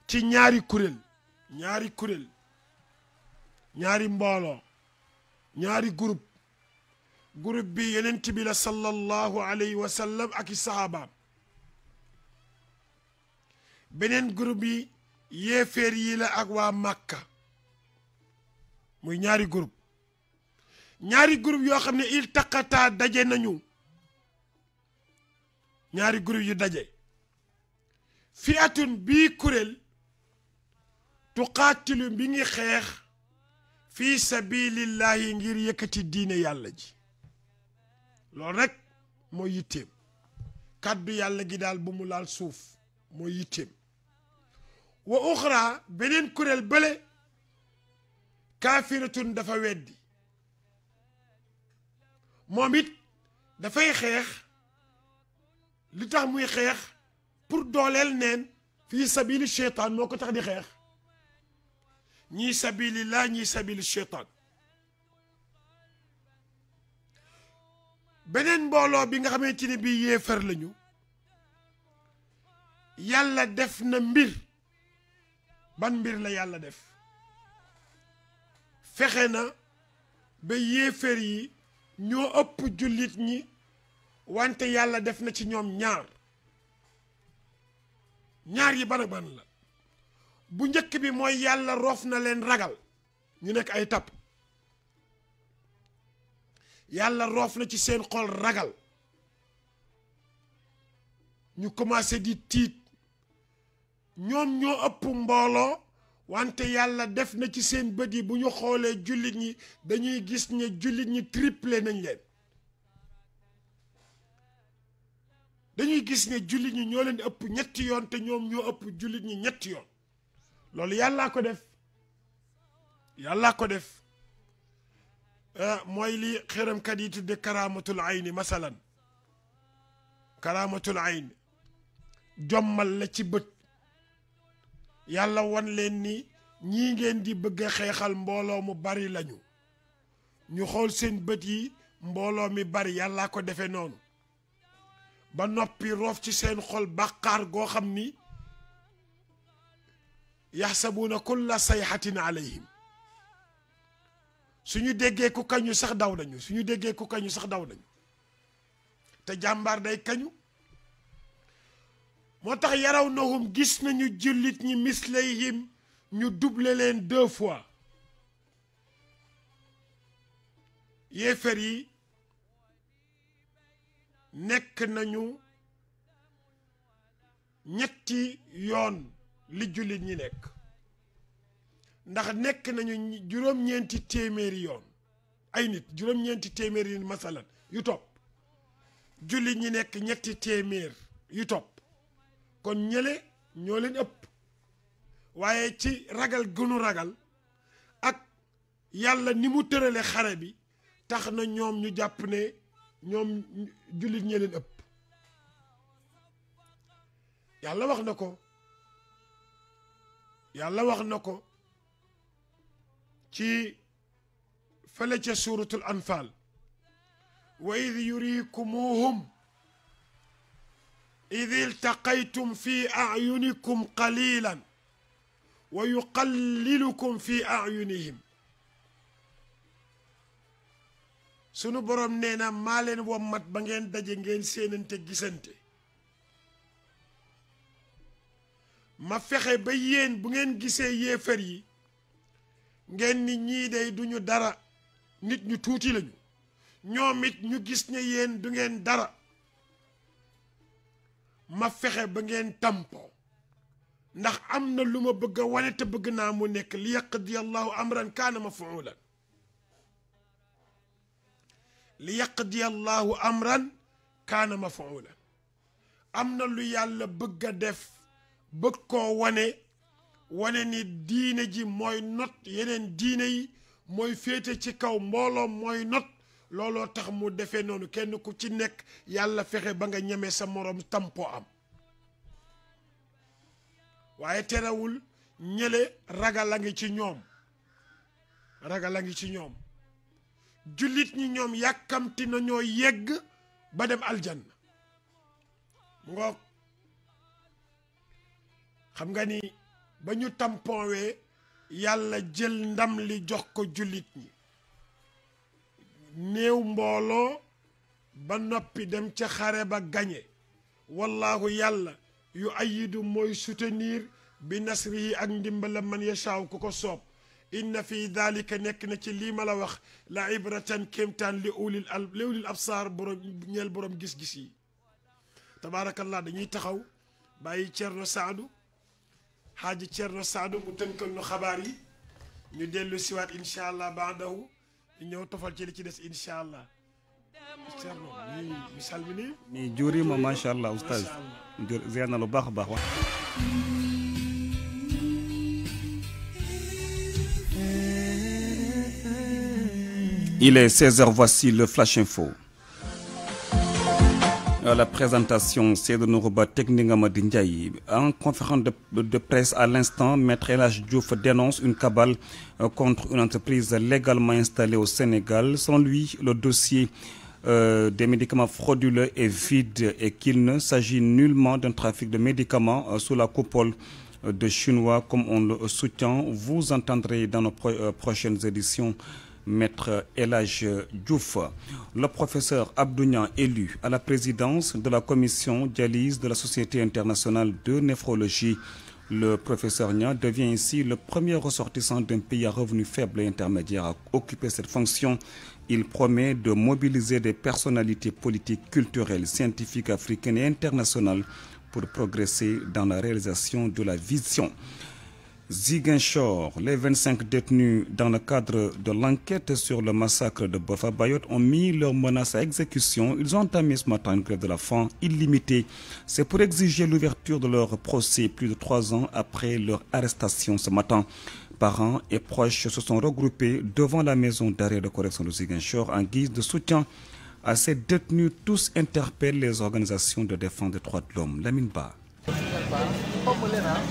ci ñaari kuréel ñaari kuréel ñaari mbooloo ñaari groupe groupe bi yenent bi la sallallahu alayhi wa sallam ak i sahabaam beneen groupe yi yéeféer yi la ak waa Màkka muy ñaari groupe ñaari groupe yoo xam ne il taqataa daje nañu ñaari groupe yu daje fi atun bii kuréel tuqaatilu bi ngi xeex fii sabilillahi ngir yëkkati diine yàlla ji loolu rek moo yitteem kàddu yàlla gi daal bu mu laal suuf moo yitteem واخرى بنين كور البلي كافره دفا ودي موميت دا فاي خيخ لو تخ موي خيخ في سبيل الشيطان مو تخ دي خيخ ني سبيل الله ني سبيل الشيطان بنين بولو bi nga xamanteni bi yéefar lañu yàlla def ban mbir la yàlla def fexe na ba yéeféer yi ñoo ëpp jullit ñi wante yàlla def na ci ñoom ñaar ñaar yi ban ban la bu njëkk bi mooy yàlla roof na leen ragal ñu nekk ay tapp yàlla roof na ci seen xol ragal ñu commencé di tiit ñoom ñoo ëpp mbooloo wante yàlla def na ci seen bët yi bu ñu xoolee jullit ñi dañuy gis ne jullit ñi triplé nañ leen dañuy gis ne jullit ñi ñoo leen ëpp ñetti yoon te ñoom ñoo ëpp jullit ñi ñetti yoon loolu yàllaa ko def yàllaa ko def ah, mooy li xëramkat yi tudde karaamatul ayni masalan karaamatul ayni jommal la ci bët yàlla wan leen ni ñii ngeen di bëgg xeexal mbooloo mu bari lañu ñu xool seen bët yi mbooloo mi bari yàllaa ko defe noonu ba noppi roof ci seen xol bàqaar goo xam ni yaxsabuuna kulla sayxatin alayhim suñu déggee ku kañu sax daw nañu suñu déggee ku kañu sax daw nañu te jàmbaar day kañu moo tax yaraw nahum gis nañu jullit ñi mislayhim ñu duble leen deux fois yéefar yi nekk nañu ñetti yoon li jullit ñi nekk ndax nekk nañu juróom-ñeenti téeméeri yoon ay nit juróom-ñeenti téeméeri nit masalan yu topp jullit ñi nekk ñetti téeméer yu topp kon ñële ñoo leen ëpp waaye ci ragal gënu ragal ak yàlla ni mu tërale xare bi tax na ñoom ñu jàpp ne ñoom jullit ñee leen ëpp yàlla wax na ko yàlla wax na ko ci fële ca suuratul anfaal wa id yurikumuhum إذ التقيتم في أعينكم قليلا ويقللكم في أعينهم سنو بروم نينا مالين ومات بانجين داجي نجين سينن تجيسنت ما فخي بيين بانجين جيسي يفري نجين نيني داي دونيو دارا نيت نيو توتي لنيو نيو ميت نيو جيسني يين دونيو دارا ma fexe ba ngeen tampo ndax am na lu ma bëgg wane te bëgg naa mu nekk li yaqdi allahu amran kaana mafuulan li yaqdi allahu amran kaana mafuulan am na lu yàlla bëgg def bëgg koo wane wane ni diine ji mooy not yeneen diine yi mooy féete ci kaw mbooloo mooy not looloo tax mu defe noonu kenn ku ci nekk yàlla fexe ba nga ñemee sa moroom tampoo am waaye terewul ñële ragal a ngi ci ñoom ragal a ngi ci ñoom jullit ñi ñoom yàkkamti na nañoo yegg ba dem aljan mu ngoog xam nga ni ba ñu tampoowee yàlla jël ndam li jox ko jullit ñi néew mbooloo ba noppi dem ca xare ba gañe wallaahu yàlla yu ayidu mooy soutenir bi nasri yi ak ndimbalam man yashaaw ku ko soob inna fi dalika nekk na ci lii ma la wax la ibratan kéemtaan li ulil al li ulil absaar borom ñeel borom gis-gis yi tabaarakallah dañuy taxaw bàyyi Thierno Saadu xaaji Thierno Saadu mu tënkal nu xabaar yi ñu dellu siwaat incha allah baadahu Il est 16h, voici le Flash Info. Euh, la présentation, c'est de Nourouba En conférence de, presse à l'instant, Maître El dénonce une cabale euh, contre une entreprise légalement installée au Sénégal. Sans lui, le dossier euh, des médicaments frauduleux est vide et qu'il ne s'agit nullement d'un trafic de médicaments sous la coupole de Chinois comme on le soutient. Vous entendrez dans nos prochaines éditions Maître Elage Diouf. Le professeur Abdounian, élu à la présidence de la commission dialyse de la Société internationale de néphrologie, le professeur Nia devient ainsi le premier ressortissant d'un pays à revenus faibles et intermédiaires à occuper cette fonction. Il promet de mobiliser des personnalités politiques, culturelles, scientifiques, africaines et internationales pour progresser dans la réalisation de la vision. Ziguinchor, les 25 détenus dans le cadre de l'enquête sur le massacre de Bofa Bayot ont mis leur menaces à exécution. Ils ont entamé ce matin une grève de la faim illimitée. C'est pour exiger l'ouverture de leur procès plus de trois ans après leur arrestation ce matin. Parents et proches se sont regroupés devant la maison d'arrêt de correction de Ziguinchor en guise de soutien à ces détenus. Tous interpellent les organisations de défense des droits de l'homme. bas.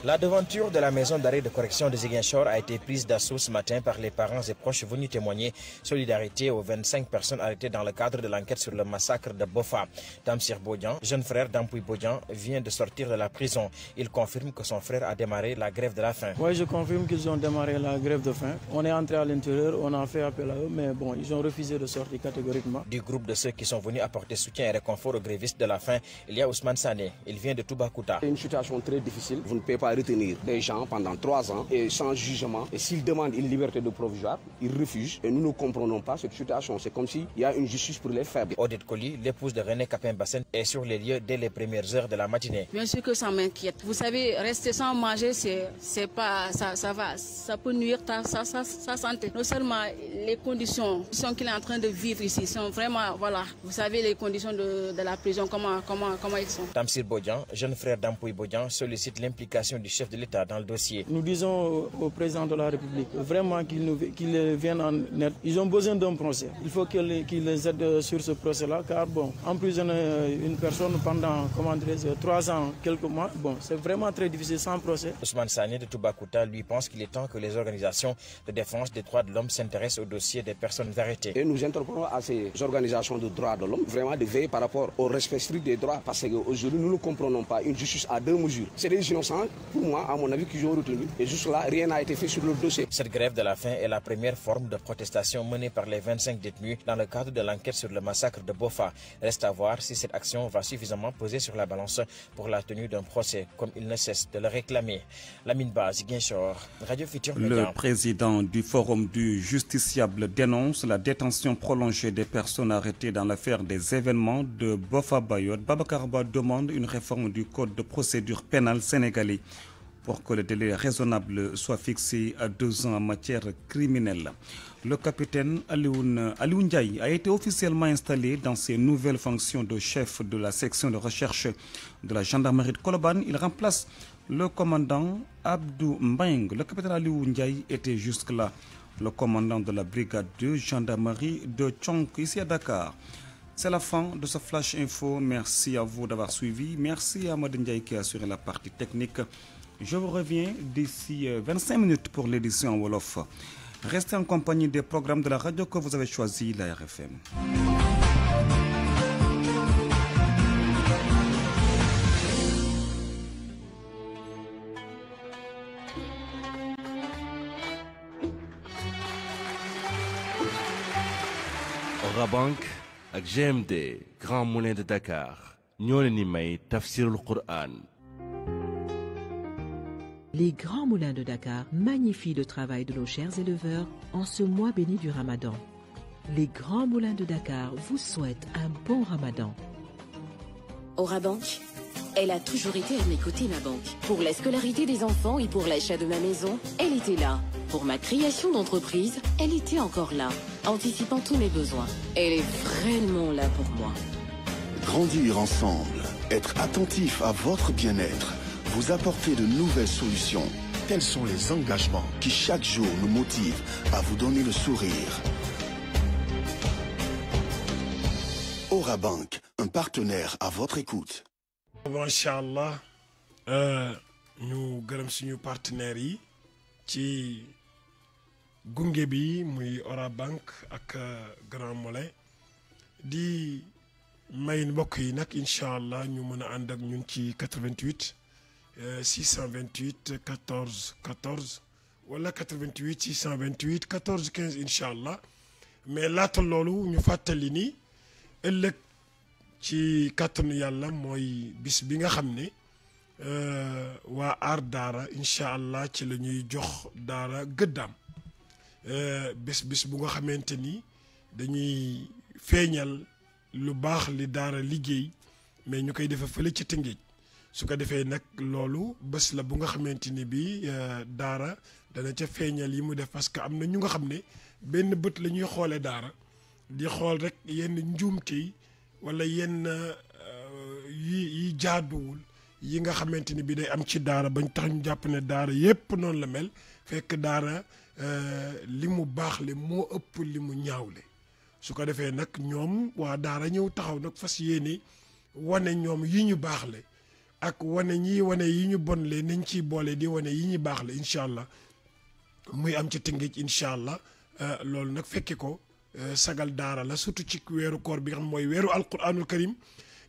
La devanture de la maison d'arrêt de correction de Ziguinchor a été prise d'assaut ce matin par les parents et proches venus témoigner solidarité aux 25 personnes arrêtées dans le cadre de l'enquête sur le massacre de Bofa. Damsir Bodian, jeune frère d'Ampoui Bodian, vient de sortir de la prison. Il confirme que son frère a démarré la grève de la faim. Oui, je confirme qu'ils ont démarré la grève de faim. On est entré à l'intérieur, on a fait appel à eux, mais bon, ils ont refusé de sortir catégoriquement. Du groupe de ceux qui sont venus apporter soutien et réconfort aux grévistes de la faim, il y a Ousmane Sané. Il vient de Toubakouta une situation très difficile. Vous ne pouvez pas retenir des gens pendant trois ans et sans jugement. Et s'ils demandent une liberté de provisoire, ils refusent. Et nous ne comprenons pas cette situation. C'est comme s'il y a une justice pour les faibles. Odette Colli, l'épouse de René capin Bassin est sur les lieux dès les premières heures de la matinée. Bien sûr que ça m'inquiète. Vous savez, rester sans manger, c'est pas, ça, ça va, ça peut nuire ta sa, santé. Non seulement les conditions qu'il est en train de vivre ici sont vraiment, voilà, vous savez les conditions de, de la prison, comment, comment, comment ils sont. Tamsir Bodjan, jeune frère Bodian sollicite l'implication du chef de l'État dans le dossier. Nous disons au, président de la République vraiment qu'il qu vienne en aide. Ils ont besoin d'un procès. Il faut qu'il les aide sur ce procès-là, car bon, emprisonner une personne pendant comment dire, trois ans, quelques mois, bon, c'est vraiment très difficile sans procès. Ousmane Sani de Toubacouta lui pense qu'il est temps que les organisations de défense des droits de l'homme s'intéressent au dossier des personnes arrêtées. Et nous interpellons à ces organisations de droits de l'homme vraiment de veiller par rapport au respect strict des droits, parce qu'aujourd'hui nous ne comprenons pas une justice à deux mesures. C'est des sans pour moi, à mon avis, qui ont retenu. Et jusque là, rien n'a été fait sur le dossier. Cette grève de la faim est la première forme de protestation menée par les 25 détenus dans le cadre de l'enquête sur le massacre de Bofa. Reste à voir si cette action va suffisamment peser sur la balance pour la tenue d'un procès, comme il ne cesse de le réclamer. La mine Baz, Guinchor, Radio Futur. Le président du Forum du Justiciable dénonce la détention prolongée des personnes arrêtées dans l'affaire des événements de Bofa Bayot. Babakarba demande une réforme du code de procédure pénale sénégalais pour que le délai raisonnable soit fixé à deux ans en matière criminelle. Le capitaine Alioun, Ndiaye a été officiellement installé dans ses nouvelles fonctions de chef de la section de recherche de la gendarmerie de Koloban. Il remplace le commandant Abdou Mbeng. Le capitaine Alioun était jusque-là le commandant de la brigade de gendarmerie de Tchonk, ici à Dakar. C'est la fin de ce Flash Info. Merci à vous d'avoir suivi. Merci à Madin qui a assuré la partie technique. Je vous reviens d'ici 25 euh, minutes pour l'édition Wolof. Restez en compagnie des programmes de la radio que vous avez choisi, la RFM. Rabank les grands moulins de Dakar magnifient le travail de nos chers éleveurs en ce mois béni du Ramadan. Les grands moulins de Dakar vous souhaitent un bon Ramadan. rabank. Elle a toujours été à mes côtés, ma banque. Pour la scolarité des enfants et pour l'achat de ma maison, elle était là. Pour ma création d'entreprise, elle était encore là, anticipant tous mes besoins. Elle est vraiment là pour moi. Grandir ensemble, être attentif à votre bien-être, vous apporter de nouvelles solutions. Tels sont les engagements qui chaque jour nous motivent à vous donner le sourire. Aura Bank, un partenaire à votre écoute. InshaAllah, nous euh, ñu gërëm suñu partenaires yi ci euh, Grand Moulin di may InshaAllah, yi nak inshallah 88 628 14 14 wala 88 628 14 15 inshallah mais la lolu ñu ci kàttanu yàlla mooy bis bi nga xam ne euh, waa aar daara incha allah ci la ñuy jox daara gëddaam euh, bis bis bu nga xamante ni dañuy feeñal lu baax li daara liggéey mais ñu koy defee fële ci Tëngéej su ko defee nag loolu bés la bu nga xamante ni bi euh, daara dana ca feeñal yi mu def parce que am na ñu nga xam ne benn bët la ñuy xoolee daara di xool rek yenn njuum yi wala yenn euh, yi yi jaaduwul yi nga xamante ni bi day am ci daara bañ tax ñu jàpp ne daara yépp noonu la mel fekk daara euh, li mu baax le moo ëpp li mu ñaaw ñaawle su ko defee nag ñoom waa daara ñëw taxaw nag fas yéene wane ñoom yi ñu baax le ak wane ñi wane yi ñu bon lee nañ ciy boolee di wane yi ñu baax le incha allah muy am ci tëngéej incha allah euh, loolu nag fekke ko Euh, sagal daara la surtout ci weeru koor bi xam mooy weeru alquranul karim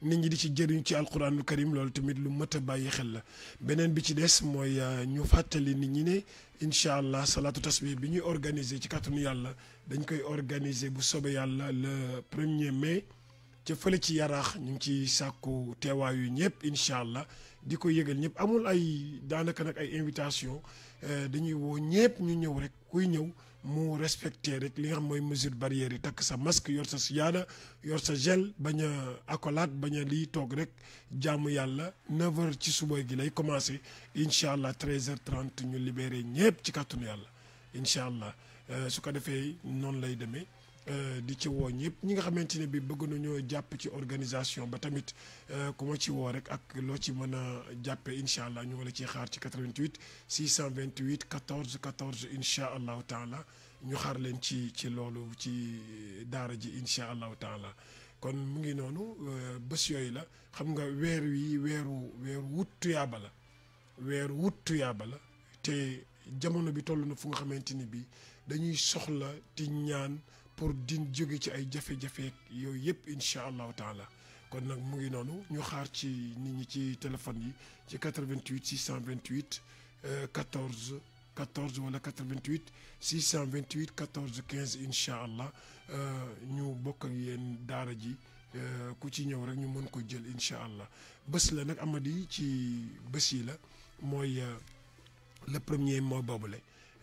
nit ñi di ci jëriñ ci alquranul karim loolu tamit lu mët a bàyyi xel la beneen bi ci des mooy euh, ñu fàttali nit ñi ne incha allah salaatu tasbih bi ñuy organiser ci kàttanu yàlla dañ koy organiser bu sobee yàlla la premier mai ca fële ci yaraax ñu ngi ci sàkku teewaayu ñëpp incha allah di ko yëgal ñëpp amul ay daanaka nag ay invitation euh, dañuy woo ñëpp ñu ñëw rek kuy ñëw mu respecté rek li nga xam mooy mesure barrière yi takk sa masque yor sa siyaada yor sa gel bañ a accolade bañ a lii toog rek jàmm yàlla 9 ci suba gi lay commencé incha allah 13h30 ñu libéré ñëpp ci kàttanu yàlla incha allah euh, su ko defee noonu lay demee. Euh, di ci woo ñëpp ñi nga xamante ne bi bëgg nañoo jàpp ci organisation ba tamit euh, ku ma ci woo rek ak loo ci mën a jàppee incha allah ñu walla la ciy xaar ci 88 628 14 14 incha allahu taala ñu xaar leen ci ci loolu ci daara ji incha allahu taala kon mu ngi noonu euh, bés yooyu la xam nga weer wi weeru weeru wut tuyaaba la weeru wut tuyaaba la te jamono bi toll na fu nga xamante ni bi dañuy soxla di ñaan pour din jóge ci ay jafe-jafe yooyu yëpp incha allahu taala kon nag mu ngi noonu ñu xaar ci nit ñi ci téléphone yi ci 88 628 14 14 wala 88 628 14 15 incha allah euh, ñu bokk ak yéen daara ji euh, ku ci ñëw rek ñu mën ko jël incha allah bés la nag amadi ci bés yi la mooy euh, le premier mois boobule.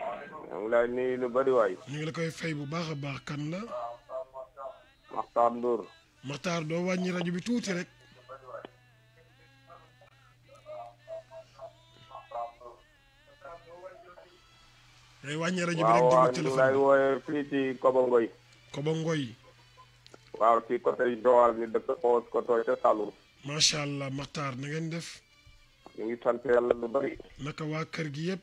maa ngi ñu ngi la koy fay bu baax a baax kan la. Makhtar doo wàññi rajo bi tuuti rek. day wàññi rajo bi rek déglu téléphone waaw waaw ci Kobongoy. Kobongoy. waaw ci côté Joal ñu dëkk Xoos Koto ca Saloum. macha allah Makhtar na def. ñu ngi sant yàlla lu bari. naka waa kër gi yëpp.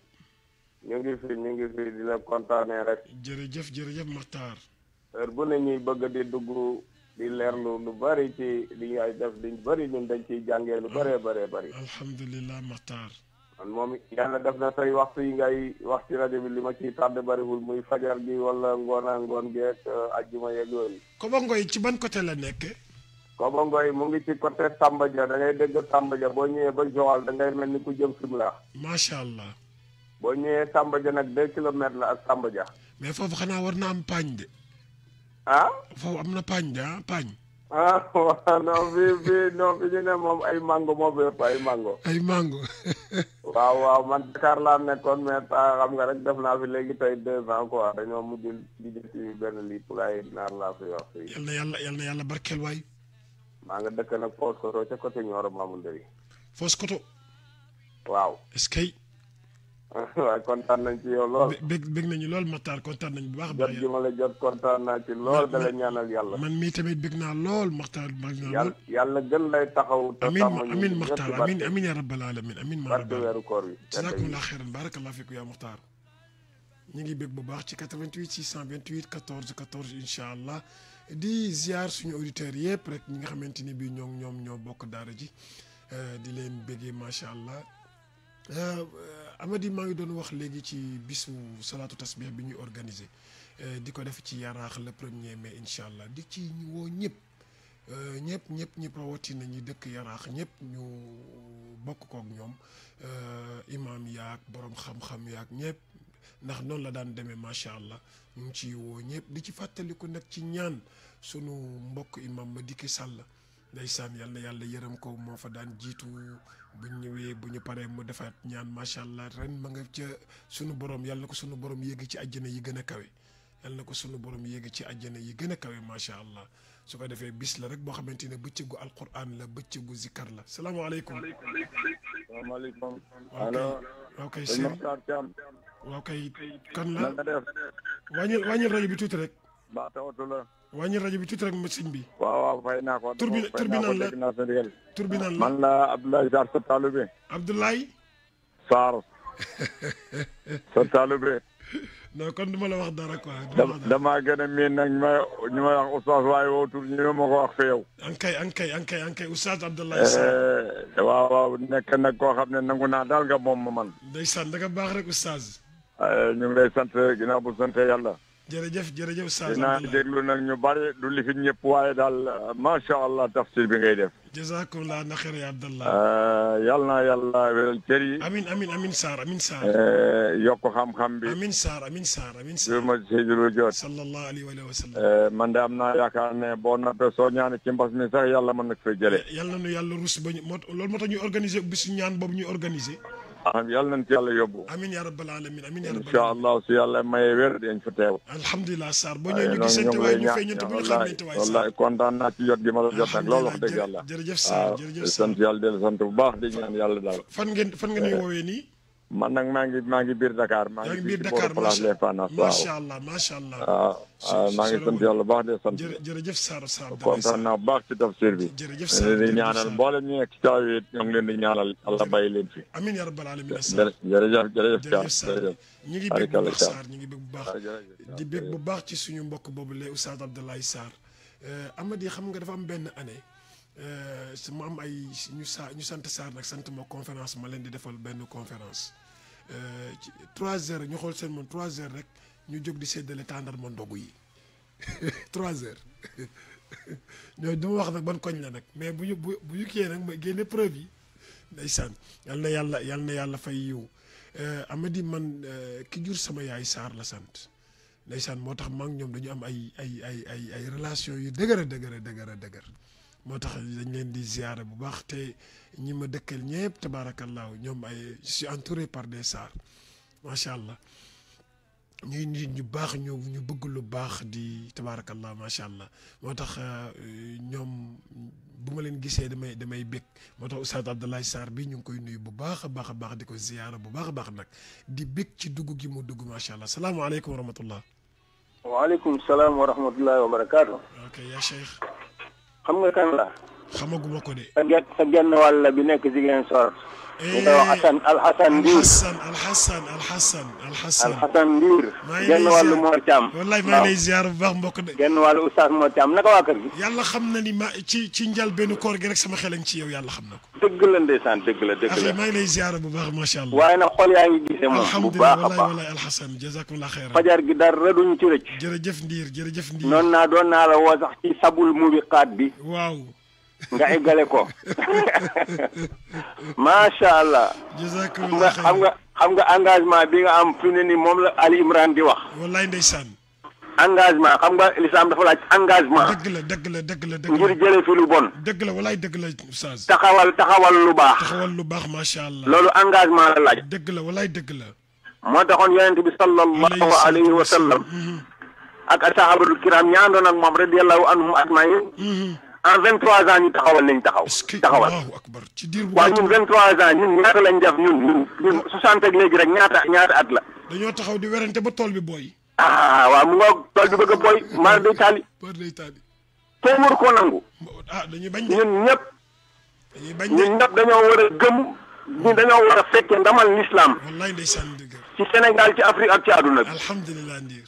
ñu ngi fii ñu ngi fi di la kontaanee rek. jërëjëf jërëjëf Makhtar. heure bu ne ñuy bëgg di dugg di leerlu lu bari ci li ngay def di bari ñun dañ ciy jàngee lu bëree bëree bëri. alhamdulilah Makhtar. man moom yàlla def na tey waxtu yi ngay wax ci rajo bi li ma ciy tardé bariwul muy fajar gi wala ngoona ngoon geeg uh, ajjuma yeeg yooyu. Kobangoy ci ban côté la nekk. Kobangoy mu ngi ci côté Tamba Dia da ngay dégg Tamba boo ñëwee ba Joal da ngay mel ni ku jëm Fimela. macha allah. boo ñëwee Samba nag deux kilomètres la ak Samba Dia. mais foofu xanaa war na am paañ de. ah. foofu am na paañ de ah paañ. ah waaw non fi ñu ne moom ay mango moo fi ëpp ay mango. waaw waaw man Dakar laa nekkoon mais xam nga rek def naa fi léegi tey deux ans quoi dañoo mujj di def ci lii pulaay naar laa fi wax yal na yàlla yàlla barkeel waay. maa nga dëkk nag Fos Koto ca côté Nioro Mamadou Ndeye. Fos Koto. waaw. waaw kontaan nañ ci yow lool. bég bég nañu lool Makhtar kontaan nañ bu baax. jot gi ma la jot kontaan naa ci lool da la ñaanal yàlla. man mii tamit bég naa lool Makhtar. yàlla yàlla gën lay taxaw. te sàmm ñu amiin Makhtar amiin amiin yaa rabbal alamin amiin. maa rabbal weeru koor bi. jazakumullah yaa Makhtar. ñu ngi bég bu baax ci 88 628 14 14 incha allah di ziar suñu auditeurs yëpp rek ñi nga xamante ni bii ñoom ñoom ñoo bokk daara ji eh, di leen bégee macha allah. Euh, Amady maa ngi doon wax léegi ci bisu salaatu tasbih bi ñuy organiser euh, di ko def ci yaraax la premier mais incha allah di ci woo ñëpp euh, ñëpp ñëpp ñëpp rawatina ñi dëkk yaraax ñëpp ñu bokk kook ñoom imaam yaak boroom xam-xam ak ñëpp ndax noonu la daan demee macha allah ñu ngi woo ñëpp di ci fàttaliku nag ci ñaan sunu mbokk imaam Madické Sall ndeysaan yal na yàlla yërëm ko moo fa daan jiitu. buñ ñëwee bu ñu paree mu defaat ñaan macha allah ren ma nga ca sunu boroom yàlla na ko sunu borom yéegi ci àjjana yi gën a kawe. yàlla na ko sunu boroom yéegi ci àjjana yi gën a kawe macha allah su ko defee bis la rek boo xamante ne bëccëgu alquran la bëccëgu zikkar la salaamaaleykum. salaamaaleykum. allo. waaw kay sëñ waaw kay kan la. wàññil wàññil rajo bi tuuti rek. baax wàññi rajo bi tuuti rek ma sëñ bi. waaw waaw fay naa ko. tur bi tur bi nan la tur bi nan la man la Abdoulaye Sarr sa taalube. Abdoulaye. Sarr. sa taalube. non kon du ma la wax dara quoi. damaa gën a miin nag ñu may ñu may wax oustaz waaye woo tur ñu ma ko wax fi yow. ankay ankay ankay ankay oustaz Abdoulaye Sarr. Eh, waaw waaw nekk nag koo xam ne nangu naa daal nga moom ma man. ndeysaan da nga eh, sant ginnaaw bu yàlla. jërëjëf jërëjëf Sadio dinaa déglu nag ñu bari du li fi ñëpp waaye daal macha allah tafsir bi ngay def. jazakumullah na xeer ya Abdallah. Euh, yal na yàlla wéral cër yi. amin amin amin Saar amin Saar. Euh, yokk xam-xam bi. amin Saar amin Saar amin Saar. jërëjëf euh, man de am naa yaakaar ne boo nappee soo ñaane ci mbas mi na jëlee. yal na nu yàlla rus ba ñu moo loolu ñuy organiser ñaan boobu ñuy organiser. ah yal nañu ci yàlla yóbbu. amiin yaa rabbal alamin amiin yaa rabbal alamin incha allah su maye wér dañ fa teew. alhamdulilah Sarr boo ñëwee ñu gisante kontaan naa ci jot gi ma la jot nag loolu wax dëgg yàlla. jërëjëf Sarr jërëjëf Sarr sant yàlla sant bu baax di ñaan yàlla daal. fan ngeen fan man nag maa ngi maa ngi biir Dakar. maa ngi biir Dakar macha allah macha allah waaw ah, ah, waaw maa ngi sant yàlla baax de sant. jërëjëf Sarr Sarr kontaan naa baax ci tafsir bi. jërëjëf Sarr di ñaanal mboolem ñu nekk ci taw yi ñoo ngi leen di ñaanal allah bàyyi leen fi. amiin yaa rabbal alamin. jërëjëf jërëjëf Sarr ñu ngi bég bu baax Sarr ñu ngi bég bu baax. di bég bu baax ci suñu mbokk boobu la Oustaz Abdoulaye Sarr. Euh, Amady xam nga dafa am benn année. mu euh, am ay ñu sa ñu sant Sarr nag sant ma conférence ma leen di defal benn conférence Euh, ci trois heures ñu xool seen moom trois heures rek ñu jóg di séddale tàndarma ndogu yi trois heures ñooñu du wax nag ban koñ la nag mais bu ñu bu bu ñu kiyee nag ma génne preuve yi ndeysaan yal na yàlla yal na yàlla fay yiw euh, Amady man euh, ki jur sama yaay Saar la sant ndeysaan moo tax ma ñoom dañu am ay ay ay ay ay relation yi dëgër a dëgër a dëgër moo tax dañ leen di ziyaare bu baax te ñi ma dëkkal ñëpp tabaarakallaahu ñoom ay je suis par des saar macha allah ñuy nit ñu baax ñu ñu bëgg lu baax di tabaarakallaahu macha allah moo tax euh, ñoom bu ma leen gisee damay damay bég moo tax Oustaz Abdoulaye Sarr bi ñu ngi koy nuyu bu baax a baax a baax di ko ziyaara bu baax a baax nag di bég ci dugg gi mu dugg macha allah salaamaaleykum wa rahmatullah. waaleykum salaam wa rahmatullahi ok yaa Cheikh. xam nga kan xamaguma ko de. sa genn sa genn wàll bi nekk jigéen sor. ñu koy wax Assane Alhassane Ndiir Alhassane Alhassane Alhassane. Alhassane Alhassane Ndiir. genn wàllu moo caam. waaw wallaay maa ngi lay ziar bu baax mbokk de. genn wàllu oustaz moo caam naka waa kër gi. yàlla xam na ni ma ci ci njal benn koor gi rek sama xel a ngi ci yow yàlla xam na ko. dëgg la ndeysaan dëgg la dëgg la. maa ngi lay ziar bu baax macha allah. waaye nag xol yaa ngi gisee moom. bu baax a baax alhamdulilah wallaay wallaay Alhassane jazakumullah xayran. fajar gi dara duñ ci rëcc. jërëjëf Ndiir jërëjëf Ndiir. noonu naa doon naa la woo sax ci sabul mubiqaat bi waaw nga eggale ko macha allah. xam nga xam nga xam nga engagement bi nga am fi mu ne moom la Ali Imran di wax. wallaay ndeysaan. engagement xam nga lislaam dafa laaj engagement. dëgg la dëgg la dëgg la dëgg la ngir jëlee fi lu bon. dëgg la walaay dëgg la oustaz. taxawal taxawal lu baax. taxawal lu baax macha allah. loolu engagement la laaj. dëgg la walaay dëgg la. moo taxoon yonent bi sallallahu alayhi wa sallam. Mm-hmm. ak sahabatul kiram ñaandoon moom radiyallahu anhum ajmain mm-hmm. en 23 ans ñu taxawal nañ taxaw taxawal waaw ñun 23 ans ñun ñaata lañ def ñun ñun ñun 60 ak léegi rek ñaata ñaata at la dañoo taxaw di werante ba tool bi boy ah waaw mu ngoog tool bi bëgg boy maar day taali maar day taali kenn war koo nangu ah dañuy bañ ñun ñëpp dañuy bañ ñun ñëpp dañoo war a gëm ñun dañoo war a fekke ndamal l'islam wallahi ndeysaan dëgg ci Sénégal ci Afrique ak ci aduna bi alhamdulillah ndir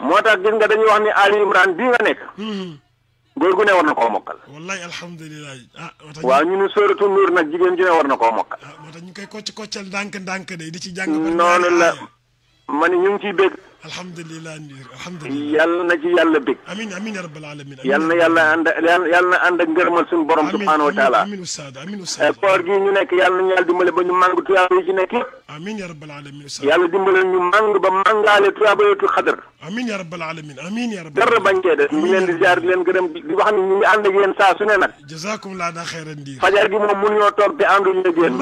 motax gis nga dañuy wax ni Ali Imran bi nga nek hmm. góor gu ne war na koo mokkal. wallaay alhamdulilah ah. waaw ñu ne sóoratu nuur nag jigéen ju ne war na koo mokkal. ah moo tax ñu koy kocc koccal ndànk di ci jàng. noonu la ma ni ñu ngi ciy bég. alhamdulilah Ndiir na ci yàlla bég. amiin na ànd ak ngërëmal suñu borom. subhaanahu wa taala amiin ustaad amiin ustaad. Eh, koor gi ñu nekk yàlla na ñu yàlla dimbale ba ñu màng tuyaaba yi ci nekk yëpp. amiin ya rabbal alamin ustaad. yàlla dimbale ñu màng ba màngaale tuyaaba yooyu xadar. amiin ya rabbal alamin ya rabbal alamin. dara bañ cee def ñu leen di ziar di leen gërëm di wax ni ñu ànd ak yéen saa su ne nag. jazaakum laa daa xayran Ndiir. fajar gi moom mënuñoo toog te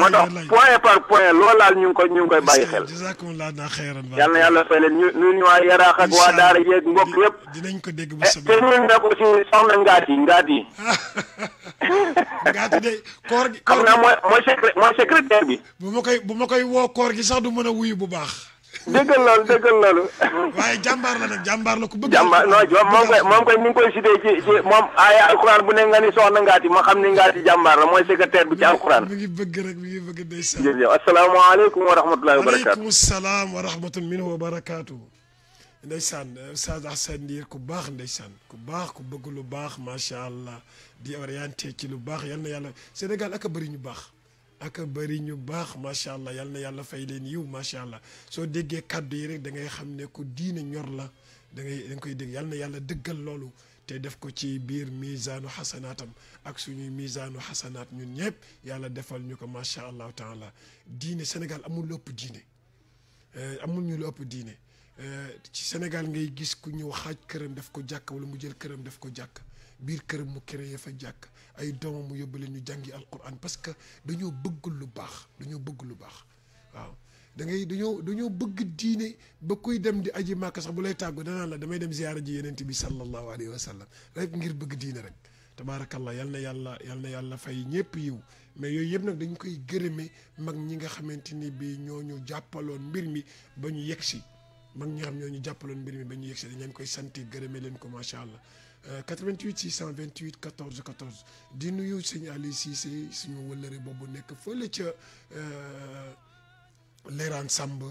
moo tax point par point loolaal ñun waa yaraax ak waa daara yeeg mbokk yëpp dinañ ko dégg bu sa te ñun nag aussi soxna ngaati ngaati de koor gi secret bi bu ma koy bu ma koy woo koor gi sax du mën wuyu bu baax dëggal loolu dëggal loolu waaye jàmbaar la nag jàmbaar la ku bëgg koy koy ni ngi koy cité ci ci bu ne nga ni soxna ngaati ma xam ni ngaati la mooy secrétaire bi ci alquran mi ngi bëgg rek mi ngi bëgg wa rahmatullahi wa barakatuh wa wa barakatuh ndeysaan Oustaz Assane Ndir ku baax ndeysaan ku baax ku bëgg lu baax macha allah di orienté ci lu baax yal na yàlla Sénégal ak a bëri ñu baax ak a ñu baax macha allah yal na yàlla fay leen yiw macha allah soo déggee kàddu yi rek da ngay xam ne ku diine ñor la da ngay da koy dégg yàlla na yàlla dëggal loolu te def ko ci biir misaanu xasanaatam ak suñuy misaanu xasanaat ñun ñëpp yàlla defal ñu ko macha allahu taala diine Sénégal amul lu ëpp diine eh, amul ñu lu ëpp diine. Euh, ci Sénégal ngay gis ku ñëw xaaj këram def ko jàkk wala mu jël këram def ko jàkk biir këram mu créé fa jàkk ay doomam mu yóbbu leen ñu jàngi alquran parce que dañoo bëgg lu baax dañoo bëgg lu baax waaw da ngay dañoo dañoo bëgg diine ba kuy dem di aji màkk sax bu lay tàggu danaa la damay dem ziyaara ji yeneent bi sallallahu alayhi wa sallam rek ngir bëgg diine rek tabaarakallah yal na yàlla yal na yàlla fay ñëpp yiw mais yooyu yëpp nag dañ koy gërëme mag ñi nga xamante ni bi ñoo ñu jàppaloon mbir mi ba ñu yegg si mag ñi xam ñoo ñu jàppaloon mbir mi ba ñu yegg si dañ leen koy sant gërëmee leen ko macha allah 88 628 14 14 di nuyu sëñ Aliou Cissé suñu wëllëre boobu nekk fële ca euh, Leeraan Samb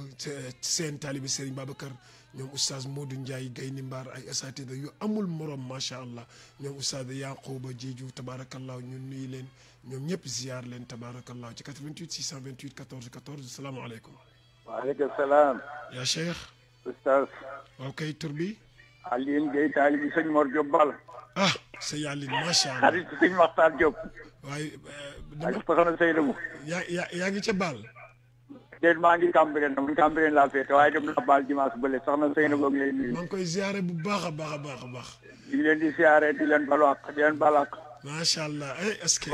seen taalibe Serigne kër ñoom oustaz Modou Ndiaye Gayni Mbaar ay asaatida yu amul morom macha allah ñoom oustaz Yaquba Jeeju tabaarakallaahu ñu nuyu leen ñoom ñëpp ziar leen tabaarakallaahu ci 88 628 14 14 salaamaaleykum. waaleykum salaam. yaa Cheikh. oustaz ok tur bi Aline Gueye talib sëñ Mor Diop Bal ah allah xarit sëñ Maxtaar Diop waaye ak soxna Seydou yaa ya Bal ngi dem Bal dimanche soxna lay nuyu koy bu a baax a allah eh est ce que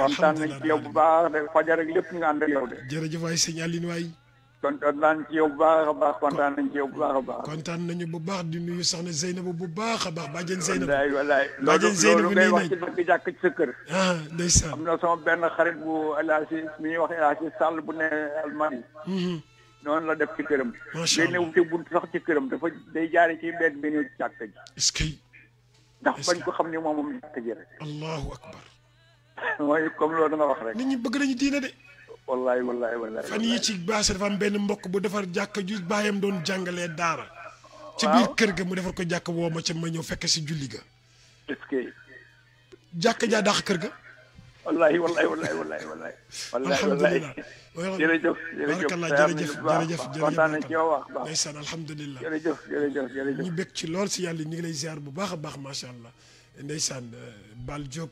ci yow bu baax fajar ak nga kontaan nañ ci yow bu baax a baax kontaan nañ ci bu baax a baax. na nañu bu baax di nuyu soxna Zeynab bu baax a baax bàjjen Zeynab. wallaay wallaay loolu loolu ngay wax ci dëkk jàkk ci sa kër. ah am na sama benn xarit bu El mi ñuy wax El Hadj bu ne Almadi. Mhm. noonu la def ci këram. macha allah léegi nag ci këram dafa day jaare ci mbedd bi ñëw jàkk ji. est-ce ndax bañ ko xam ni moom moom jàkk ji rek. allahu akbar. mooy comme loolu nga wax rek. nit ñi bëgg nañu diine de. wallaay wallaay wallaay fan yi ci baase dafa am benn mbokk bu defar jàkk ju baayam doon jàngalee daara ci biir kër gi mu defar ko jàkk woo ma ca ma ñëw fekk si julli ga est jàkk jaa daax kër ga wallaay wallaay wallaay wallaay wallaay alhamdulilah jërëjëf jërëjëf jërëjëf jërëjëf ndeysaan alhamdulilah jërëjëf jërëjëf jërëjëf ñu bég ci lool si yàlla ñu ngi lay ziar bu baax a baax macha allah ndeysaan euh, Bal Diop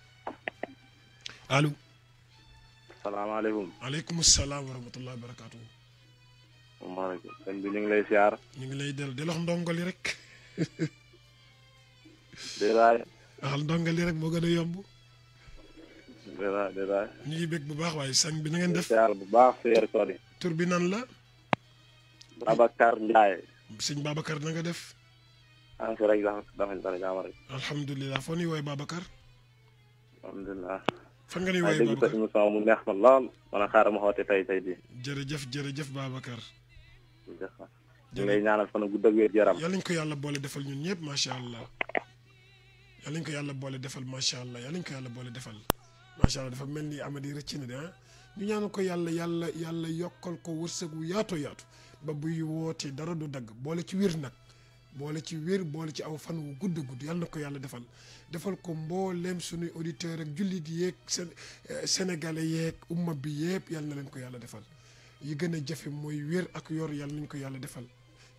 allo. salaamaaleykum. aleykum salaam wa rahmatulah wa barakaatu. maaleykum sëñ bi ñu ngi lay siyaar. ñu ngi lay del delox ndongali rek. déedéet. waxal ndongali rek moo gën a yomb. déedéet déedéet. ñu ngi bég bu baax waaye sëñ bi na ngeen def. siyaar bu baax si weer koor yi. tur bi nan la. Babacar Ndiaye. sëñ Babacar na nga def. en tout cas dafa dafa jaam rek. alhamdulilah foo ñuy woowee Babacar. alhamdulilah. fan nga nuy woowee Babacar dégg émission mu neex ma lool. wala xaaral ma xoote tey tey jii. jërëjëf jërëjëf Babacar. jërëjëf ñu lay ñaanal fan gu yaram. yal nañu ko yàlla boole defal ñun ñëpp macha allah. yal nañu ko yàlla boole defal macha allah yal nañu ko yàlla boole defal. macha dafa mel ni Amady rëcc na de ah. ñu ñaan ko yàlla yàlla yàlla yokkal ko wërsëg wu yaatoo yaatu ba buy wootee dara du dagg boole ci wiir nag. boole ci wér boole ci aw fan wu gudd gudd yàlla na ko yàlla defal defal ko mbooleem suñuy auditeur ak jullit yéeg seen eh, sénégalais yeeg umma bi yëpp yàlla na leen ko yàlla defal yi gën a jafe mooy wér ak yor yàlla nañ ko yàlla defal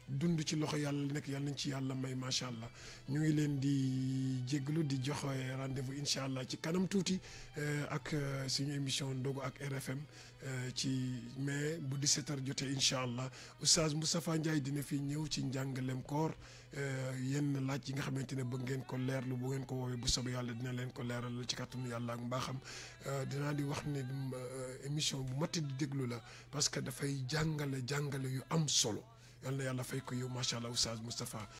dund ci loxo yàlla nekk yàlla nañ ci yàlla may macha allah ñu ngi leen di jéglu di joxe rendez-vous incha allah ci kanam tuuti eh, ak eh, suñu émission ndogu ak RFM Euh, ci mais bu 17h jotee incha allah oustaz Moustapha Ndiaye dina fi ñëw ci njàngalem koor euh, yenn laaj yi nga xamante ne bëgg ngeen ko leerlu bu ngeen ko woowee bu soobee yàlla dina leen ko leeralal ci kàttanu yàlla ak mbaaxam euh, dinaa di wax ne émission bu matti di déglu la parce que dafay jàngale jàngale yu am solo yal yàlla fay ko yow macha allah oustaz Moustapha